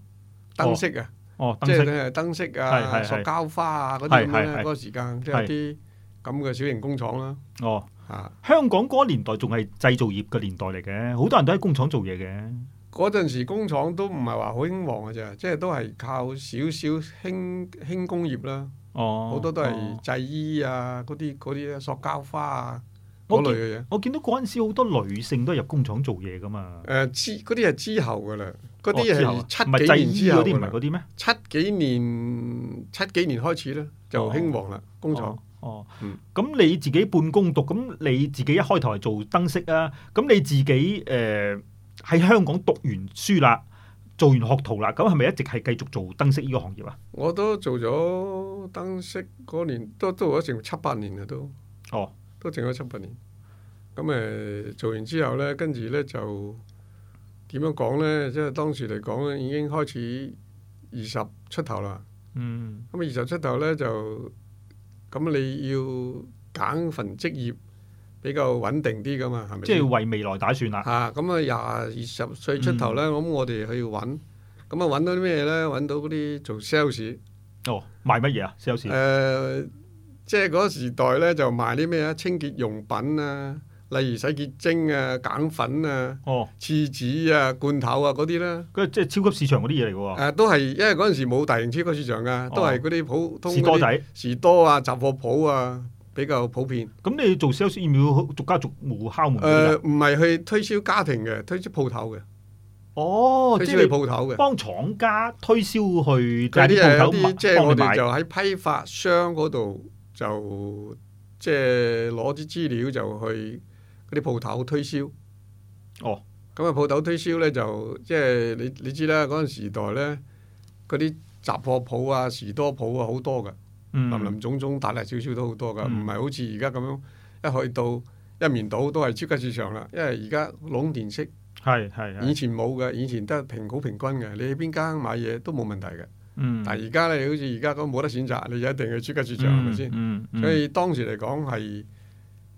燈飾啊，哦哦、飾即係燈飾啊、塑膠花啊嗰啲咁樣嗰、啊、時間，即係啲咁嘅小型工廠啦、啊。是哦，啊，香港嗰年代仲係製造業嘅年代嚟嘅，好多人都喺工廠做嘢嘅。嗰陣時工廠都唔係話好興旺嘅咋，即係都係靠少少輕輕工業啦。哦，好多都係製衣啊，嗰啲嗰啲塑膠花啊，嗰類嘅嘢。我見到嗰陣時好多女性都入工廠做嘢噶嘛。誒、呃，之嗰啲係之後噶啦，嗰啲係七幾年之後。哦、之後製衣嗰啲唔係嗰啲咩？七幾年七幾年開始咧就興旺啦、哦、工廠。哦，咁、哦嗯、你自己半工讀，咁你自己一開頭係做燈飾啊，咁你自己誒。呃喺香港讀完書啦，做完學徒啦，咁係咪一直係繼續做燈飾呢個行業啊？我都做咗燈飾嗰年，都做咗成七八年啦都。哦，都成咗七八年。咁誒、哦嗯，做完之後呢，跟住呢，就點樣講呢？即係當時嚟講呢，已經開始二十出頭啦。嗯。咁二十出頭呢，就咁你要揀份職業。比較穩定啲噶嘛，係咪？即係為未來打算啦。嚇、啊，咁啊廿二十歲出頭咧，咁我哋去要揾，咁啊揾到啲咩咧？揾到嗰啲做 sales。哦，賣乜嘢啊？sales。誒、呃，即係嗰個時代咧，就賣啲咩啊？清潔用品啊，例如洗潔精啊、鹼粉啊、哦、廁紙啊、罐頭啊嗰啲啦。即係超級市場嗰啲嘢嚟㗎喎。都係因為嗰陣時冇大型超級市場啊，都係嗰啲普通。哦、士多仔、士多啊、雜貨鋪啊。比較普遍，咁你做 sales 要唔要逐家逐戶敲門？誒，唔係去推銷家庭嘅，推銷鋪頭嘅。哦，推銷你鋪頭嘅，幫廠家推銷去。佢啲鋪頭即係我哋就喺批發商嗰度，就即係攞啲資料就去嗰啲鋪頭推銷。哦，咁啊鋪頭推銷咧就即係、就係、你你知啦，嗰陣時代咧，嗰啲雜貨鋪啊、士多鋪啊好多嘅。林林總總大大小小都好多噶，唔係好似而家咁樣一去到一面倒都係超級市場啦。因為而家壟斷式係係以前冇嘅，以前都係平好平均嘅。你去邊間買嘢都冇問題嘅。嗯、但係而家咧，你好似而家咁冇得選擇，你就一定要去超級市場係咪先？所以當時嚟講係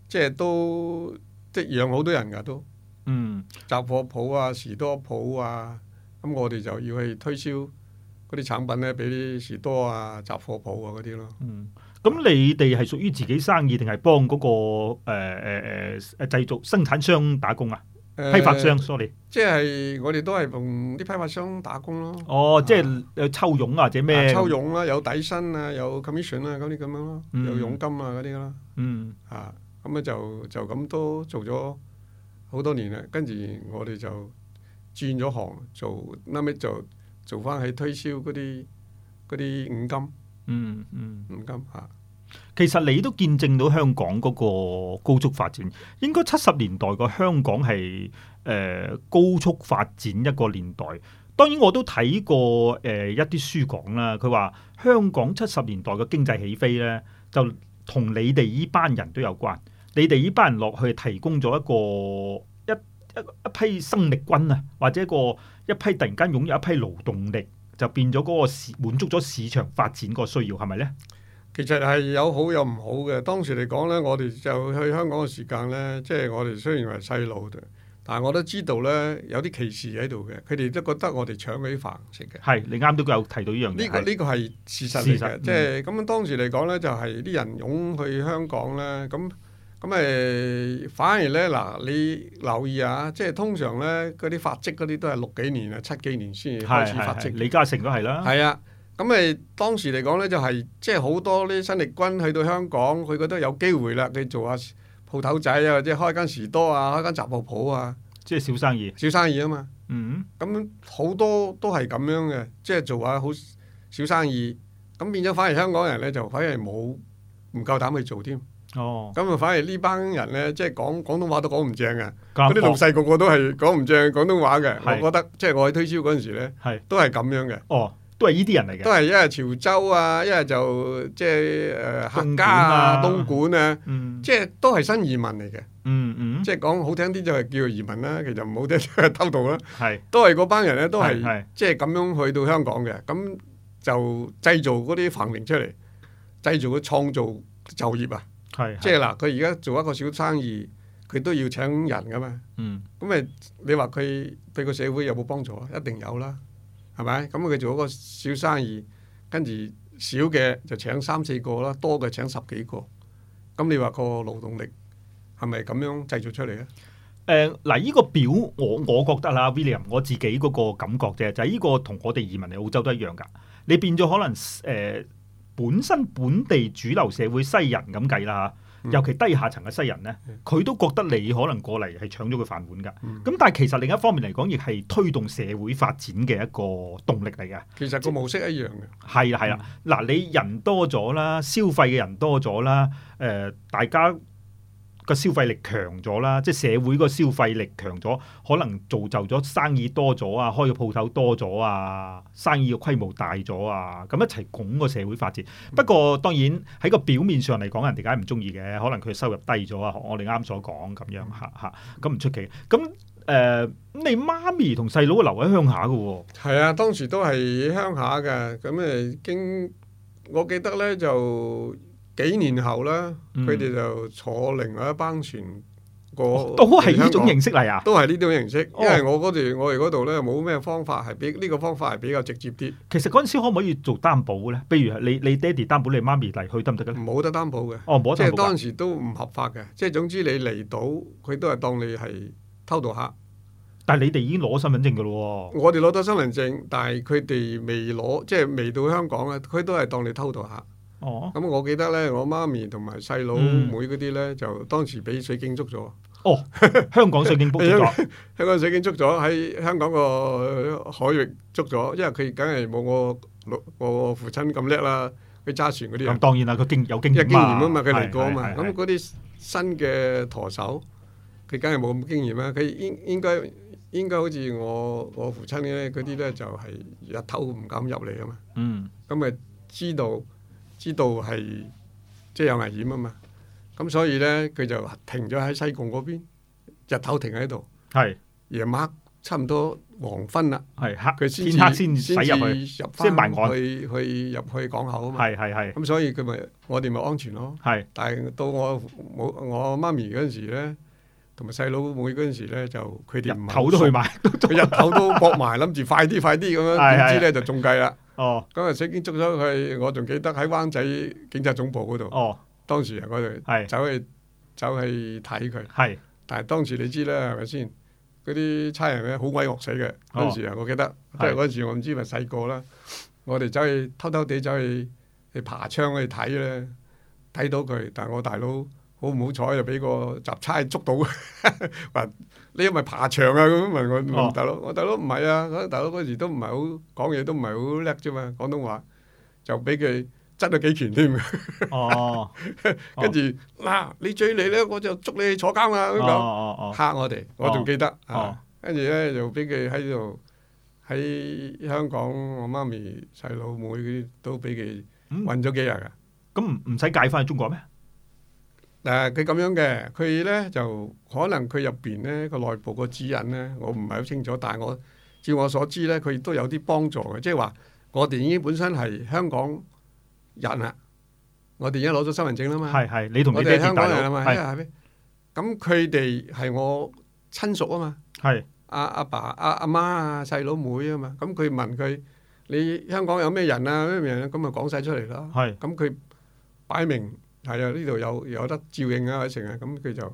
即係都即係養好多人㗎都。嗯，雜貨鋪啊，士多鋪啊，咁、嗯、我哋就要去推銷。嗰啲產品咧，俾啲士多啊、雜貨鋪啊嗰啲咯。嗯，咁你哋係屬於自己生意定係幫嗰、那個誒誒誒製造生產商打工啊？批發商，sorry，即係、呃就是、我哋都係同啲批發商打工咯。哦，即係有抽傭或者咩？抽傭啦，有底薪啊，有 commission 啊，嗰啲咁樣咯、啊，有佣金啊嗰啲咯。嗯，嚇、嗯，咁咪、啊嗯、就就咁多做咗好多年啦。跟住我哋就轉咗行，做嗱咪就。做翻去推銷嗰啲嗰啲五金，嗯嗯，五金啊，其實你都見證到香港嗰個高速發展。應該七十年代個香港係誒高速發展一個年代。當然我都睇過誒一啲書講啦，佢話香港七十年代嘅經濟起飛呢，就同你哋呢班人都有關。你哋呢班人落去提供咗一個一一一批生力軍啊，或者一個。一批突然間擁有一批勞動力，就變咗嗰個市滿足咗市場發展個需要，係咪呢？其實係有好有唔好嘅。當時嚟講呢，我哋就去香港嘅時間呢，即係我哋雖然係細路，但係我都知道呢，有啲歧視喺度嘅。佢哋都覺得我哋搶嗰啲飯食嘅。係，你啱啱都有提到呢樣嘢，呢個呢個係事實嚟嘅。嗯、即係咁當時嚟講呢，就係、是、啲人湧去香港呢。咁。咁誒、嗯，反而咧嗱，你留意下、啊，即係通常咧嗰啲發跡嗰啲都係六幾年啊、七幾年先開始發跡。係係係李嘉誠都係啦。係啊，咁、嗯、誒當時嚟講咧、就係，就係即係好多啲新力軍去到香港，佢覺得有機會啦，佢做下、啊、鋪頭仔啊，即係開間士多啊，開間雜貨鋪啊，即係小生意。小生意啊嘛。嗯。咁好、嗯、多都係咁樣嘅，即係做下、啊、好小生意。咁變咗反而香港人咧就反而冇唔夠膽去做添、啊。哦，咁啊，反而呢班人咧，即係講廣東話都講唔正嘅，嗰啲老細個個都係講唔正廣東話嘅。我覺得即係我喺推銷嗰陣時咧，都係咁樣嘅。哦，都係呢啲人嚟嘅。都係一係潮州啊，一係就即係誒客家啊、東莞啊，即係都係新移民嚟嘅。嗯嗯，即係講好聽啲就係叫做移民啦，其實唔好聽就係偷渡啦。都係嗰班人咧，都係即係咁樣去到香港嘅，咁就製造嗰啲繁榮出嚟，製造佢創造就業啊。即係嗱，佢而家做一個小生意，佢都要請人噶嘛。咁誒、嗯，你話佢對個社會有冇幫助啊？一定有啦，係咪？咁佢做一個小生意，跟住少嘅就請三四個啦，多嘅請十幾個。咁你話個勞動力係咪咁樣製造出嚟咧？誒、呃，嗱，呢個表我我覺得啦，William，我自己嗰個感覺啫，就係、是、呢個同我哋移民嚟澳洲都一樣噶。你變咗可能誒。呃本身本地主流社會西人咁計啦，尤其低下層嘅西人呢，佢都覺得你可能過嚟係搶咗佢飯碗㗎。咁但係其實另一方面嚟講，亦係推動社會發展嘅一個動力嚟嘅。其實個模式一樣嘅。係啦係啦，嗱你人多咗啦，消費嘅人多咗啦，誒、呃、大家。個消費力強咗啦，即係社會個消費力強咗，可能造就咗生意多咗啊，開個鋪頭多咗啊，生意嘅規模大咗啊，咁一齊拱個社會發展。不過當然喺個表面上嚟講，人哋梗係唔中意嘅，可能佢收入低咗啊，我哋啱所講咁樣嚇嚇，咁唔出奇。咁誒、呃，你媽咪同細佬留喺鄉下㗎喎？哦，係啊，當時都係鄉下㗎，咁誒經，我記得咧就。幾年後咧，佢哋、嗯、就坐另外一班船過，都係呢種形式嚟啊，都係呢啲咁嘅形式。哦、因為我嗰度，我哋嗰度咧冇咩方法，係比呢個方法係比較直接啲。其實嗰陣時可唔可以做擔保咧？譬如係你你爹哋擔保你媽咪嚟去得唔得嘅？冇得擔保嘅，哦，即係當時都唔合法嘅。即係總之你嚟到，佢都係當你係偷渡客。但係你哋已經攞身份證噶咯，我哋攞咗身份證，但係佢哋未攞，即係未到香港咧，佢都係當你偷渡客。咁、哦、我記得咧，我媽咪同埋細佬妹嗰啲咧，嗯、就當時俾水警捉咗。哦，香港水警捉咗， *laughs* 香港水警捉咗，喺香港個海域捉咗，因為佢梗係冇我我父親咁叻啦，佢揸船嗰啲。咁、嗯、當然啦，佢經有經驗啊，有經驗啊嘛，佢嚟過啊嘛。咁嗰啲新嘅舵手，佢梗係冇咁經驗啦。佢應應該應該好似我我父親咧嗰啲咧，就係日頭唔敢入嚟啊嘛。咁咪知道。嗯知道係即係有危險啊嘛，咁、啊、所以咧佢就停咗喺西貢嗰邊，日頭停喺度，係是夜晚差唔多黃昏啦，係黑，才天黑先先入去，先去去入去港口啊嘛，係係係。咁所以佢咪我哋咪安全咯，係是。但係到我冇我媽咪嗰陣時咧，同埋細佬妹嗰陣時咧就佢哋唔日頭都去埋，佢日頭都搏埋，諗 *laughs* 住 *laughs* 快啲快啲咁樣，點知咧就中計啦。哦，咁啊，死警捉咗佢，我仲記得喺灣仔警察總部嗰度。哦，當時啊是，我哋走去走去睇佢。係是，但係當時你知啦，係咪先？嗰啲差人咧好鬼惡死嘅，哦，嗰陣時啊，我記得，即係嗰陣時我唔知咪細個啦，是我哋走去偷偷地走去去爬窗去睇咧，睇到佢，但係我大佬。好唔好彩就俾個雜差捉到， *laughs* 話你咪爬牆啊！咁問我，我、oh. 大佬，我大佬唔係啊，大佬嗰時都唔係好講嘢，都唔係好叻啫嘛，廣東話就俾佢掙咗幾拳添。 *laughs* 跟住嗱你追你呢，我就捉你坐監啊！咁講嚇我哋，我仲記得 oh. Oh. Oh. Oh. 啊。跟住呢，就俾佢喺度喺香港，我媽咪細佬妹都俾佢韞咗幾日啊！咁唔使解返去中國咩？誒，佢咁，呃、樣嘅，佢呢就可能佢入邊呢個內部個指引呢，我唔係好清楚，但係我照我所知呢，佢都有啲幫助嘅，即係話我哋已經本身係香港人啊，我哋已經攞咗身份證啦嘛，係係，你同佢哋香港人嘛？係咪？咁佢哋係我親屬啊嘛，係阿阿爸阿阿媽啊細佬妹啊嘛，咁佢問佢你香港有咩人啊咩人啊，咁啊，講晒，啊、出嚟啦，係是，咁佢擺明。係啊，呢度有有得照應啊，一成啊，咁佢就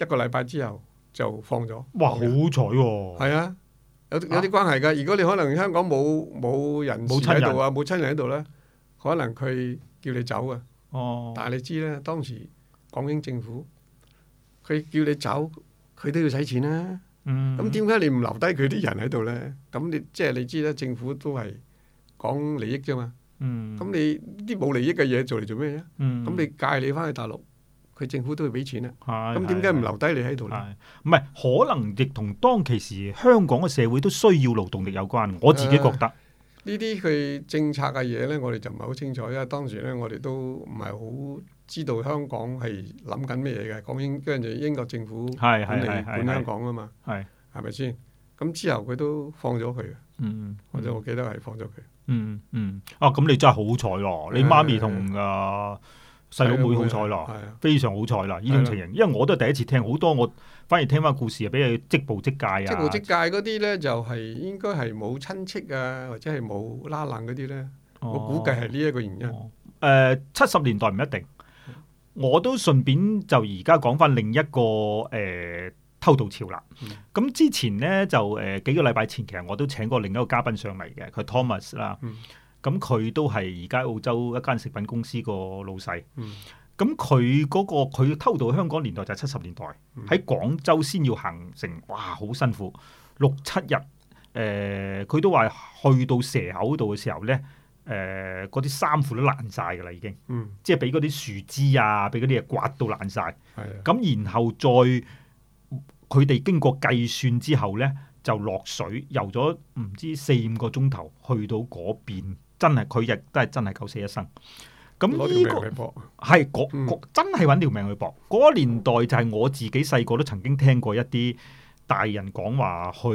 一個禮拜之後就放咗。哇！好彩喎。係啊，啊，有有啲關係㗎。如果你可能香港冇冇人冇親人喺度啊，冇親人喺度咧，可能佢叫你走啊。哦。但係你知咧，當時港英政府佢叫你走，佢都要使錢啊。嗯。咁點解你唔留低佢啲人喺度咧？咁你即係你知咧，政府都係講利益啫嘛。嗯，咁你啲冇利益嘅嘢做嚟做咩咧？咁、嗯、你介你翻去大陸，佢政府都要俾錢啊。係是，咁點解唔留低你喺度咧？唔係，可能亦同當其時香港嘅社會都需要勞動力有關。我自己覺得呢啲佢政策嘅嘢咧，我哋就唔係好清楚。因為當時咧，我哋都唔係好知道香港係諗緊咩嘢嘅。講英跟住英國政府肯定管香港啊嘛，係係咪先？咁之後佢都放咗佢、嗯。嗯，或者我記得係放咗佢。嗯嗯，啊，咁你真係好彩咯，的你媽咪同阿細佬妹好彩啦，非常好彩啦，呢的種情形，的因為我都係第一次聽，好多我反而聽翻故事積積啊，畀佢積部積界啊，積部積界嗰啲咧就係應該係冇親戚啊，或者係冇拉冷嗰啲咧，哦、我估計係呢一個原因。誒、哦，七、呃、十年代唔一定，我都順便就而家講翻另一個誒。呃偷渡潮啦，咁之前呢，就誒、呃、幾個禮拜前，其實我都請過另一個嘉賓上嚟嘅，佢係 Thomas 啦、嗯，咁佢都係而家澳洲一間食品公司老、嗯嗰嗰個老細，咁佢嗰個佢偷渡香港年代就係七十年代，喺、嗯、廣州先要行成，哇，好辛苦，六七日，誒、呃，佢都話去到蛇口度嘅時候呢，誒、呃，嗰啲衫褲都爛晒㗎啦，已經，嗯、即係俾嗰啲樹枝啊，俾嗰啲嘢刮到爛晒。咁係然後再。佢哋經過計算之後呢，就落水游咗唔知四五個鐘頭，去到嗰邊真係佢亦都係真係九死一生。咁呢、呢個係、嗰個嗰個、真係揾條命去搏。嗰、嗯、個年代就係我自己細個都曾經聽過一啲大人講話去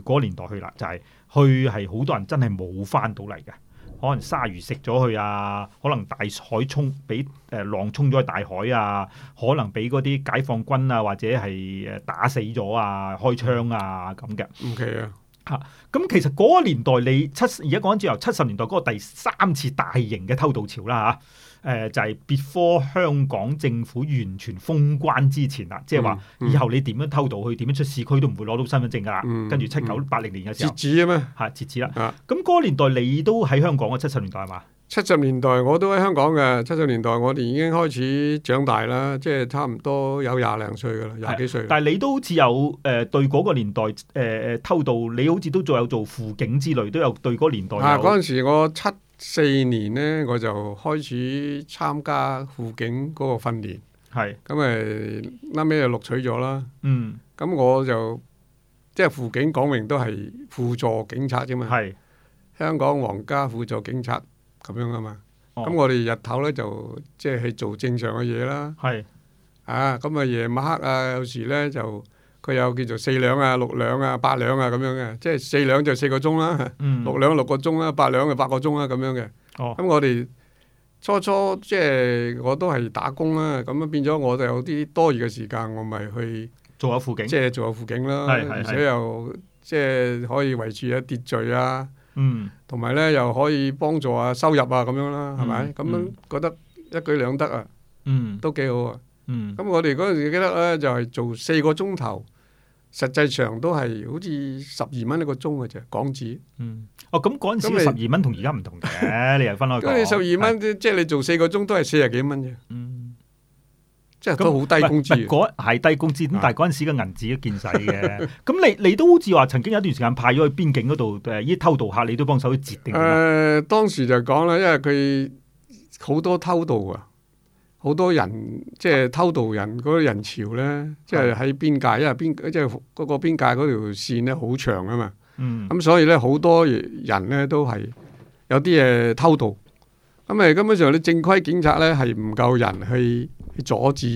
嗰、嗰個年代去啦，就係、係、去係好多人真係冇翻到嚟嘅。可能鯊魚食咗佢啊，可能大海沖俾誒浪沖咗去大海啊，可能俾嗰啲解放軍啊或者係誒打死咗啊，開槍啊咁嘅。OK 啊，嚇！咁其實嗰個年代你七，而家講緊之後七十年代嗰個第三次大型嘅偷渡潮啦嚇。啊誒、呃、就係 before，香港政府完全封關之前啦，即係話以後你點樣偷渡去，點樣 *music* 出市區都唔會攞到身份證㗎啦。 *music* 跟住七九八零年嘅時候 *music* 截止啊咩？係截止啦。咁嗰個年代你都喺香港嘅七十年代係嘛？七十年代我都喺香港嘅。七十年代我哋已經開始長大啦，即、就、係、是、差唔多有廿零歲㗎啦，廿幾歲。但係你都好似有誒對嗰個年代誒誒、呃、偷渡，你好似都仲有做輔警之類，都有對嗰個年代、啊。係嗰陣時我七。四年呢，我就開始參加輔警嗰個訓練，咁誒是，啱啱又錄取咗啦。嗯，咁我就即係輔警講明都係輔助警察啫嘛。係是香港皇家輔助警察咁樣啊嘛。咁、哦、我哋日頭呢，就即係做正常嘅嘢啦。係是啊，咁啊，夜晚黑啊，有時呢就。佢有叫做四兩啊、六兩啊、八兩啊咁樣嘅，即係四兩就四個鐘啦，六兩六個鐘啦，八兩就八個鐘啦咁樣嘅。咁我哋初初即係我都係打工啦，咁啊變咗我哋有啲多餘嘅時間，我咪去做下輔警，即係做下輔警啦，而且又即係可以維持下秩序啊，同埋咧又可以幫助下收入啊咁樣啦，係咪？咁覺得一舉兩得啊，都幾好啊。咁我哋嗰陣時記得咧就係做四個鐘頭。實際上都係好似十二蚊一個鐘嘅啫，港紙。嗯，哦，咁嗰陣時十二蚊同而家唔同嘅， *laughs* 你又分開講。嗰啲十二蚊即係你做四個鐘都係四十幾蚊啫。嗯，即係都好低，低工資。嗰係低工資，但係嗰陣時嘅銀紙都見使嘅。咁 *laughs* 你你都好似話曾經有一段時間派咗去邊境嗰度誒，啲偷渡客你都幫手去截定。誒、呃，當時就講啦，因為佢好多偷渡啊。好多人即係偷渡人嗰啲人潮咧，即係喺邊界，因為邊即係嗰個邊界嗰條線咧好長啊嘛。咁、嗯嗯、所以咧好多人咧都係有啲嘢偷渡，咁、嗯、啊根本上啲正規警察咧係唔夠人去去阻止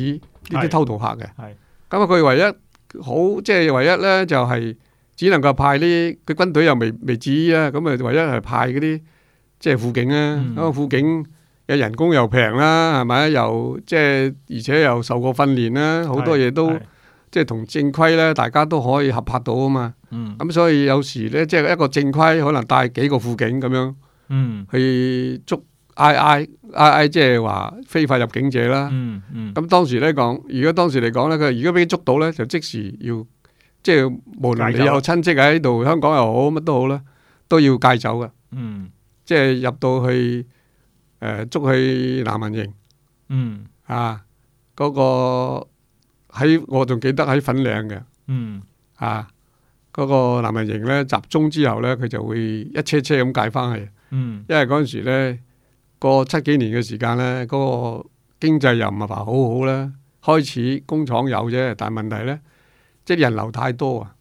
呢啲偷渡客嘅。係，咁啊佢唯一好即係唯一咧就係、是、只能夠派啲佢軍隊又未未至於啊，咁啊唯一係派嗰啲即係輔警啊，嗰個輔警。嗯嘅人工又平啦，係咪啊？又即係而且又受過訓練啦，好多嘢都即係同正規咧，大家都可以合拍到啊嘛。咁所以有時咧，即係一個正規可能帶幾個輔警咁樣去捉 I I I I，即係話非法入境者啦。咁當時咧講，如果當時嚟講咧，佢如果俾捉到咧，就即時要即係無論你有親戚喺度香港又好乜都好啦，都要戒走噶。即係入到去。誒、呃、捉去難民營，嗯啊，嗰、那個喺我仲記得喺粉嶺嘅，嗯啊，嗰、那個難民營咧集中之後咧，佢就會一車車咁解翻去，嗯，因為嗰陣時咧過七幾年嘅時間咧，嗰、那個經濟又唔係話好好啦，開始工廠有啫，但係問題咧，即係人流太多啊，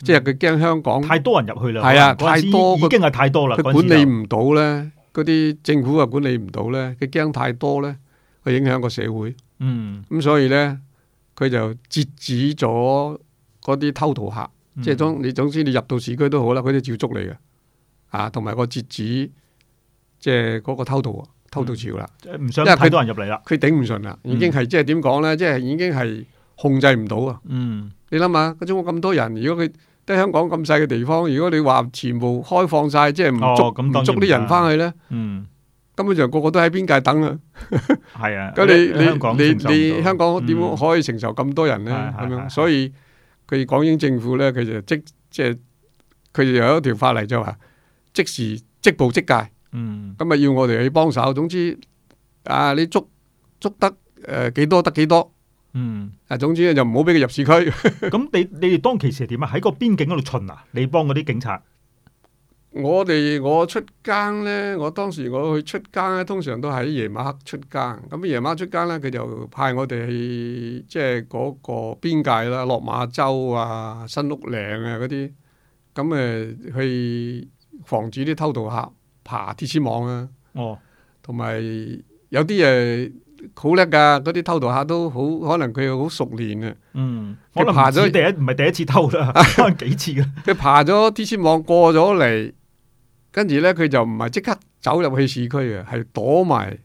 嗯、即係佢驚香港太多人入去啦，係啊，那時 太多已經係太多啦，佢管理唔到咧。呢嗰啲政府啊管理唔到咧，佢驚太多咧，佢影響個社會。嗯，咁所以咧，佢就截止咗嗰啲偷渡客，嗯、即係總你總之你入到市區都好啦，佢都照捉你嘅。啊，同埋個截止，即係嗰個偷渡、偷渡潮啦。唔、嗯、想太多人入嚟啦，佢頂唔順啦，已經係、嗯、即係點講咧，即係已經係控制唔到啊。嗯，你諗下，中國咁多人，如果佢。喺香港咁細嘅地方，如果你話全部開放晒，即係唔捉唔捉啲人翻去咧，嗯，根本就個個都喺邊界等啊，係啊，咁你你你你香港點可以承受咁多人咧？咁樣，所以佢港英政府咧，佢就即即係佢就有一條法例就話即時即捕即解，嗯，咁啊要我哋去幫手，總之啊，你捉捉得誒幾多得幾多。嗯，啊，總之咧就唔好俾佢入市區。咁 *laughs* 你你哋當其時係點啊？喺個邊境嗰度巡啊？你幫嗰啲警察？我哋我出更咧，我當時我去出更咧，通常都喺夜晚黑出更。咁夜晚黑出更咧，佢就派我哋去即係嗰個邊界啦，落馬洲啊、新屋嶺啊嗰啲。咁誒、嗯、去防止啲偷渡客爬鐵絲網啊。哦，同埋有啲誒。好叻噶，嗰啲偷渡客都好，可能佢又好熟練嘅。嗯，佢爬咗第一唔係第一次偷啦， *laughs* 幾次嘅。佢爬咗鐵絲網過咗嚟，跟住咧佢就唔係即刻走入去市區嘅，係躲埋、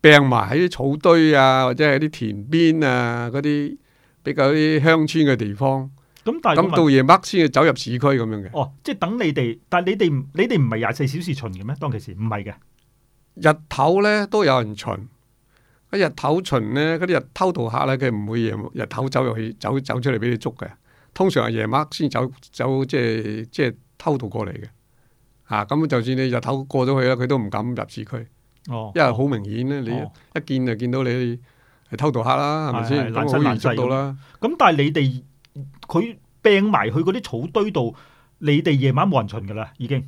病埋喺啲草堆啊，或者係啲田邊啊嗰啲比較啲鄉村嘅地方。咁但咁到，是到夜晚先要走入市區咁樣嘅。哦，即、就、係、是、等你哋，但係你哋你哋唔係廿四小時巡嘅咩？當其時唔係嘅，日頭咧都有人，有人巡。一日頭巡咧，嗰啲日偷渡客咧，佢唔會夜日頭走入去，走走出嚟俾你捉嘅。通常係夜晚先走走，即係即係偷渡過嚟嘅。嚇、啊，咁就算你日頭過咗去啦，佢都唔敢入市區。哦，因為好明顯咧，哦、你一見就見到你係偷渡客啦，係咪先？好難做到啦。咁但係你哋佢掟埋去嗰啲草堆度，你哋夜晚冇人巡噶啦，已經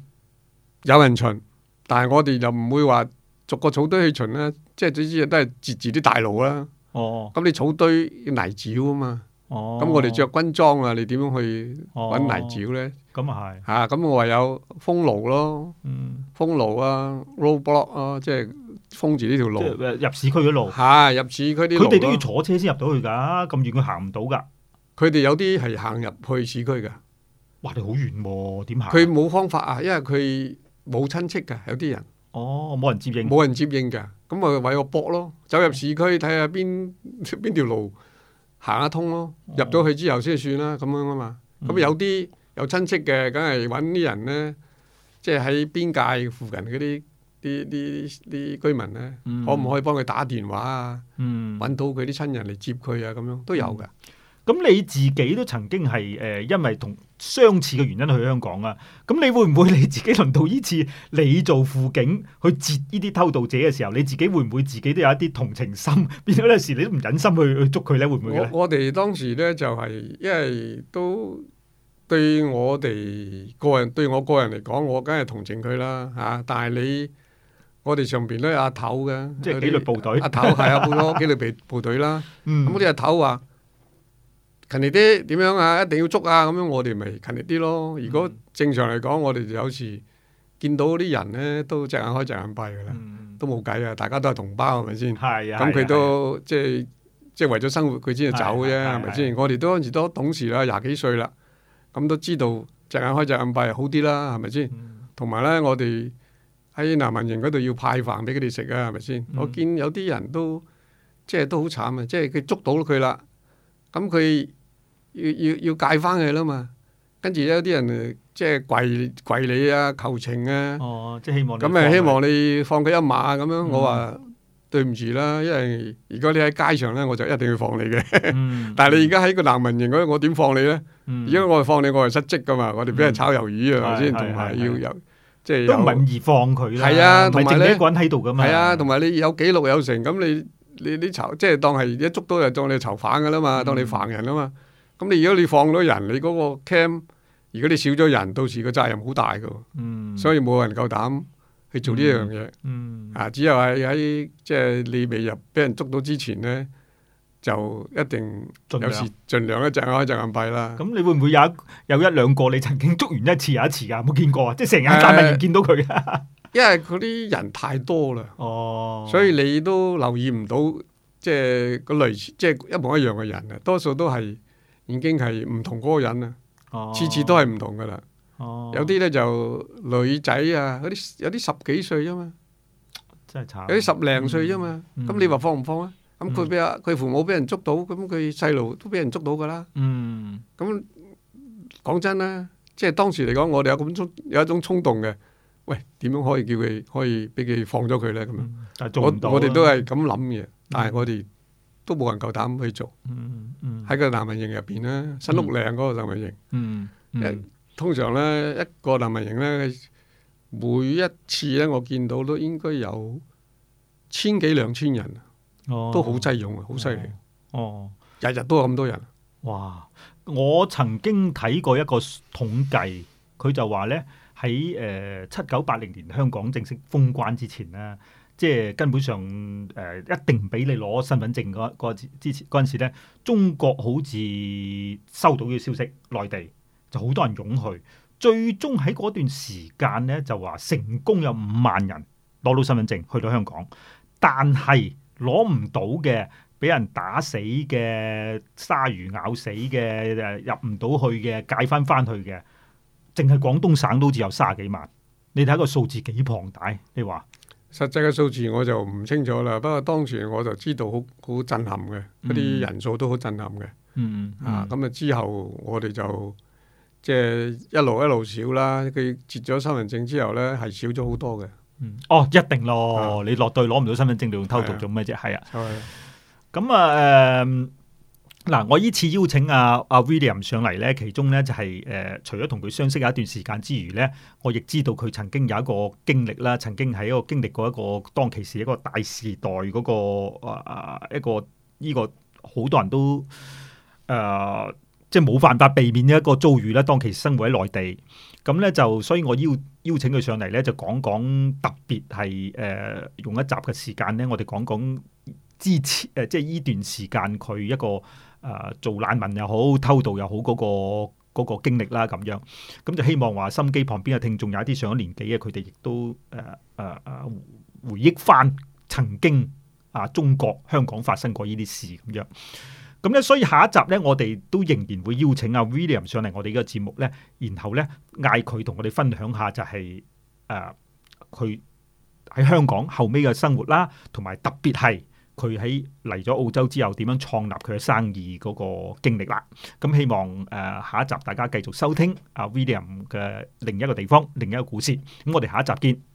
有人巡，但係我哋就唔會話逐個草堆去巡啦。即係總之都係截住啲大路啦。哦，哦，咁你草堆有泥沼啊嘛。哦，咁我哋着軍裝啊，你點樣去揾泥沼咧？咁啊係。嚇，咁我話有封路咯。嗯，封路啊，roadblock 啊，即、嗯、係封，封、啊就是、封住呢條路，入路。入市區嘅路。嚇，入市區啲路。佢哋都要坐車先入到去㗎，咁遠佢行唔到㗎。佢哋有啲係行入去市區㗎。哇！你好遠喎、啊，點行？佢冇方法啊，因為佢冇親戚㗎，有啲人。哦，冇人接應，冇人接應嘅，咁咪為我搏咯，走入市區睇下邊邊條路行得通咯，入咗去之後先算啦，咁樣啊嘛。咁有啲有親戚嘅，梗係搵啲人咧，即係喺邊界附近嗰啲啲啲啲居民咧，可唔可以幫佢打電話啊？嗯，搵到佢啲親人嚟接佢啊，咁樣都有嘅。咁你自己都曾經係誒、呃，因為同。相似嘅原因去香港啊！咁你會唔會你自己輪到呢次你做輔警去截呢啲偷渡者嘅時候，你自己會唔會自己都有一啲同情心？變咗有陣時你都唔忍心去去捉佢呢，會唔會？我哋當時呢，就係、是、因為都對我哋個人對我個人嚟講，我梗係同情佢啦吓、啊。但係你我哋上邊都有阿頭嘅，即係紀律部隊，阿頭係啊好多紀律部部隊啦。咁嗰啲阿頭話。嗯勤力啲點樣啊？一定要捉啊！咁樣我哋咪勤力啲咯。如果正常嚟講，我哋有時見到啲人咧，都隻眼開隻眼閉噶啦，都冇計啊！大家都係同胞，係咪先？係啊。咁佢都即係即係為咗生活，佢先係走嘅啫，係咪先？我哋都當時都懂事啦，廿幾歲啦，咁都知道隻眼開隻眼閉好啲啦，係咪先？同埋咧，我哋喺難民營嗰度要派飯俾佢哋食啊，係咪先？我見有啲人都即係都好慘啊！即係佢捉到佢啦，咁佢。要要要解翻佢啦嘛，跟住有啲人即係跪跪你啊，求情啊，咁咪、哦、希望你放佢，咁咪、嗯、希望你放佢一馬咁樣我。我話、嗯、對唔住啦，因為如果你喺街上咧，我就一定要放你嘅。 *laughs* 但係你而家喺個難民營嗰度，我點放你咧？而家、嗯、我放你，我係失職噶嘛。我哋俾人炒魷魚啊，先同埋要有即係都唔係放佢。係啊，同埋你一個人喺度噶嘛。係啊，同埋你有記錄有成，咁你你啲囚即係當係一捉到就當你囚犯噶啦嘛，當你犯人啊嘛。咁你、嗯嗯、如果你放咗人，你嗰個 cam，如果你少咗人，到時個責任好大噶，所以冇人夠膽去做呢樣嘢。嗯嗯、啊，只有係喺即係你未入俾人捉到之前咧，就一定有時盡量一隻眼一隻眼閉啦。咁你會唔會有有一兩個你曾經捉完一次有一次噶？冇見過啊？即係成日喺街見到佢，因為嗰啲人太多啦。哦，所以你都留意唔到，即係個類似，即係一模一樣嘅人啊，多數都係。已經係唔同嗰個人啦，次次都係唔同噶啦。有啲咧就女仔啊，嗰啲有啲十幾歲啫嘛，有啲十零歲啫嘛。咁你話放唔放啊？咁佢俾阿佢父母俾人捉到，咁佢細路都俾人捉到噶啦。咁講真啦，即係當時嚟講，我哋有咁沖有一種衝動嘅，喂，點樣可以叫佢可以俾佢放咗佢咧？咁樣我我哋都係咁諗嘅，但係我哋。都冇人夠膽去做，喺、嗯嗯、個難民營入邊咧，新屋嶺嗰個難民營，因、嗯嗯、通常咧一個難民營咧，每一次咧我見到都應該有千幾兩千人，哦、都好擠擁，好犀利。哦，日日都有咁多人。哇！我曾經睇過一個統計，佢就話咧喺誒七九八零年香港正式封關之前咧。即係根本上誒、呃，一定唔俾你攞身份證嗰、嗰個之前嗰陣時咧，中國好似收到啲消息，內地就好多人湧去，最終喺嗰段時間咧就話成功有五萬人攞到身份證去到香港，但係攞唔到嘅，俾人打死嘅、鯊魚咬死嘅、誒入唔到去嘅，解返返去嘅，淨係廣東省都只有卅幾萬，你睇個數字幾龐大，你話？實際嘅數字我就唔清楚啦，不過當時我就知道好好震撼嘅，嗰啲人數都好震撼嘅。嗯，嗯，嗯嗯、啊，咁啊之後我哋就即係一路一路少啦。佢截咗身份證之後呢，係少咗好多嘅、嗯。哦，一定咯，啊、你落隊攞唔到身份證，你用偷渡做咩啫？係啊，咁啊誒。 *laughs* *laughs* 嗱、啊，我依次邀請阿、啊、阿、啊、William 上嚟咧，其中咧就係、是、誒、呃，除咗同佢相識有一段時間之餘咧，我亦知道佢曾經有一個經歷啦，曾經喺一個經歷過一個當其時一個大時代嗰、那個啊、呃、一個呢、這個好多人都誒、呃，即係冇辦法避免一個遭遇啦。當其時生活喺內地，咁咧就所以我邀邀請佢上嚟咧，就講講特別係誒、呃、用一集嘅時間咧，我哋講講之前誒即係呢段時間佢一個。誒、呃、做難民又好，偷渡又好，嗰、那個嗰、那個經歷啦，咁樣咁就希望話心機旁邊嘅聽眾有一啲上咗年紀嘅，佢哋亦都誒誒誒回憶翻曾經啊、呃、中國香港發生過呢啲事咁樣。咁咧，所以下一集咧，我哋都仍然會邀請阿、啊、William 上嚟我哋呢個節目咧，然後咧嗌佢同我哋分享下就係誒佢喺香港後尾嘅生活啦、啊，同埋特別係。佢喺嚟咗澳洲之後點樣創立佢嘅生意嗰個經歷啦。咁希望誒下一集大家繼續收聽阿 William 嘅另一個地方，另一個故事。咁我哋下一集見。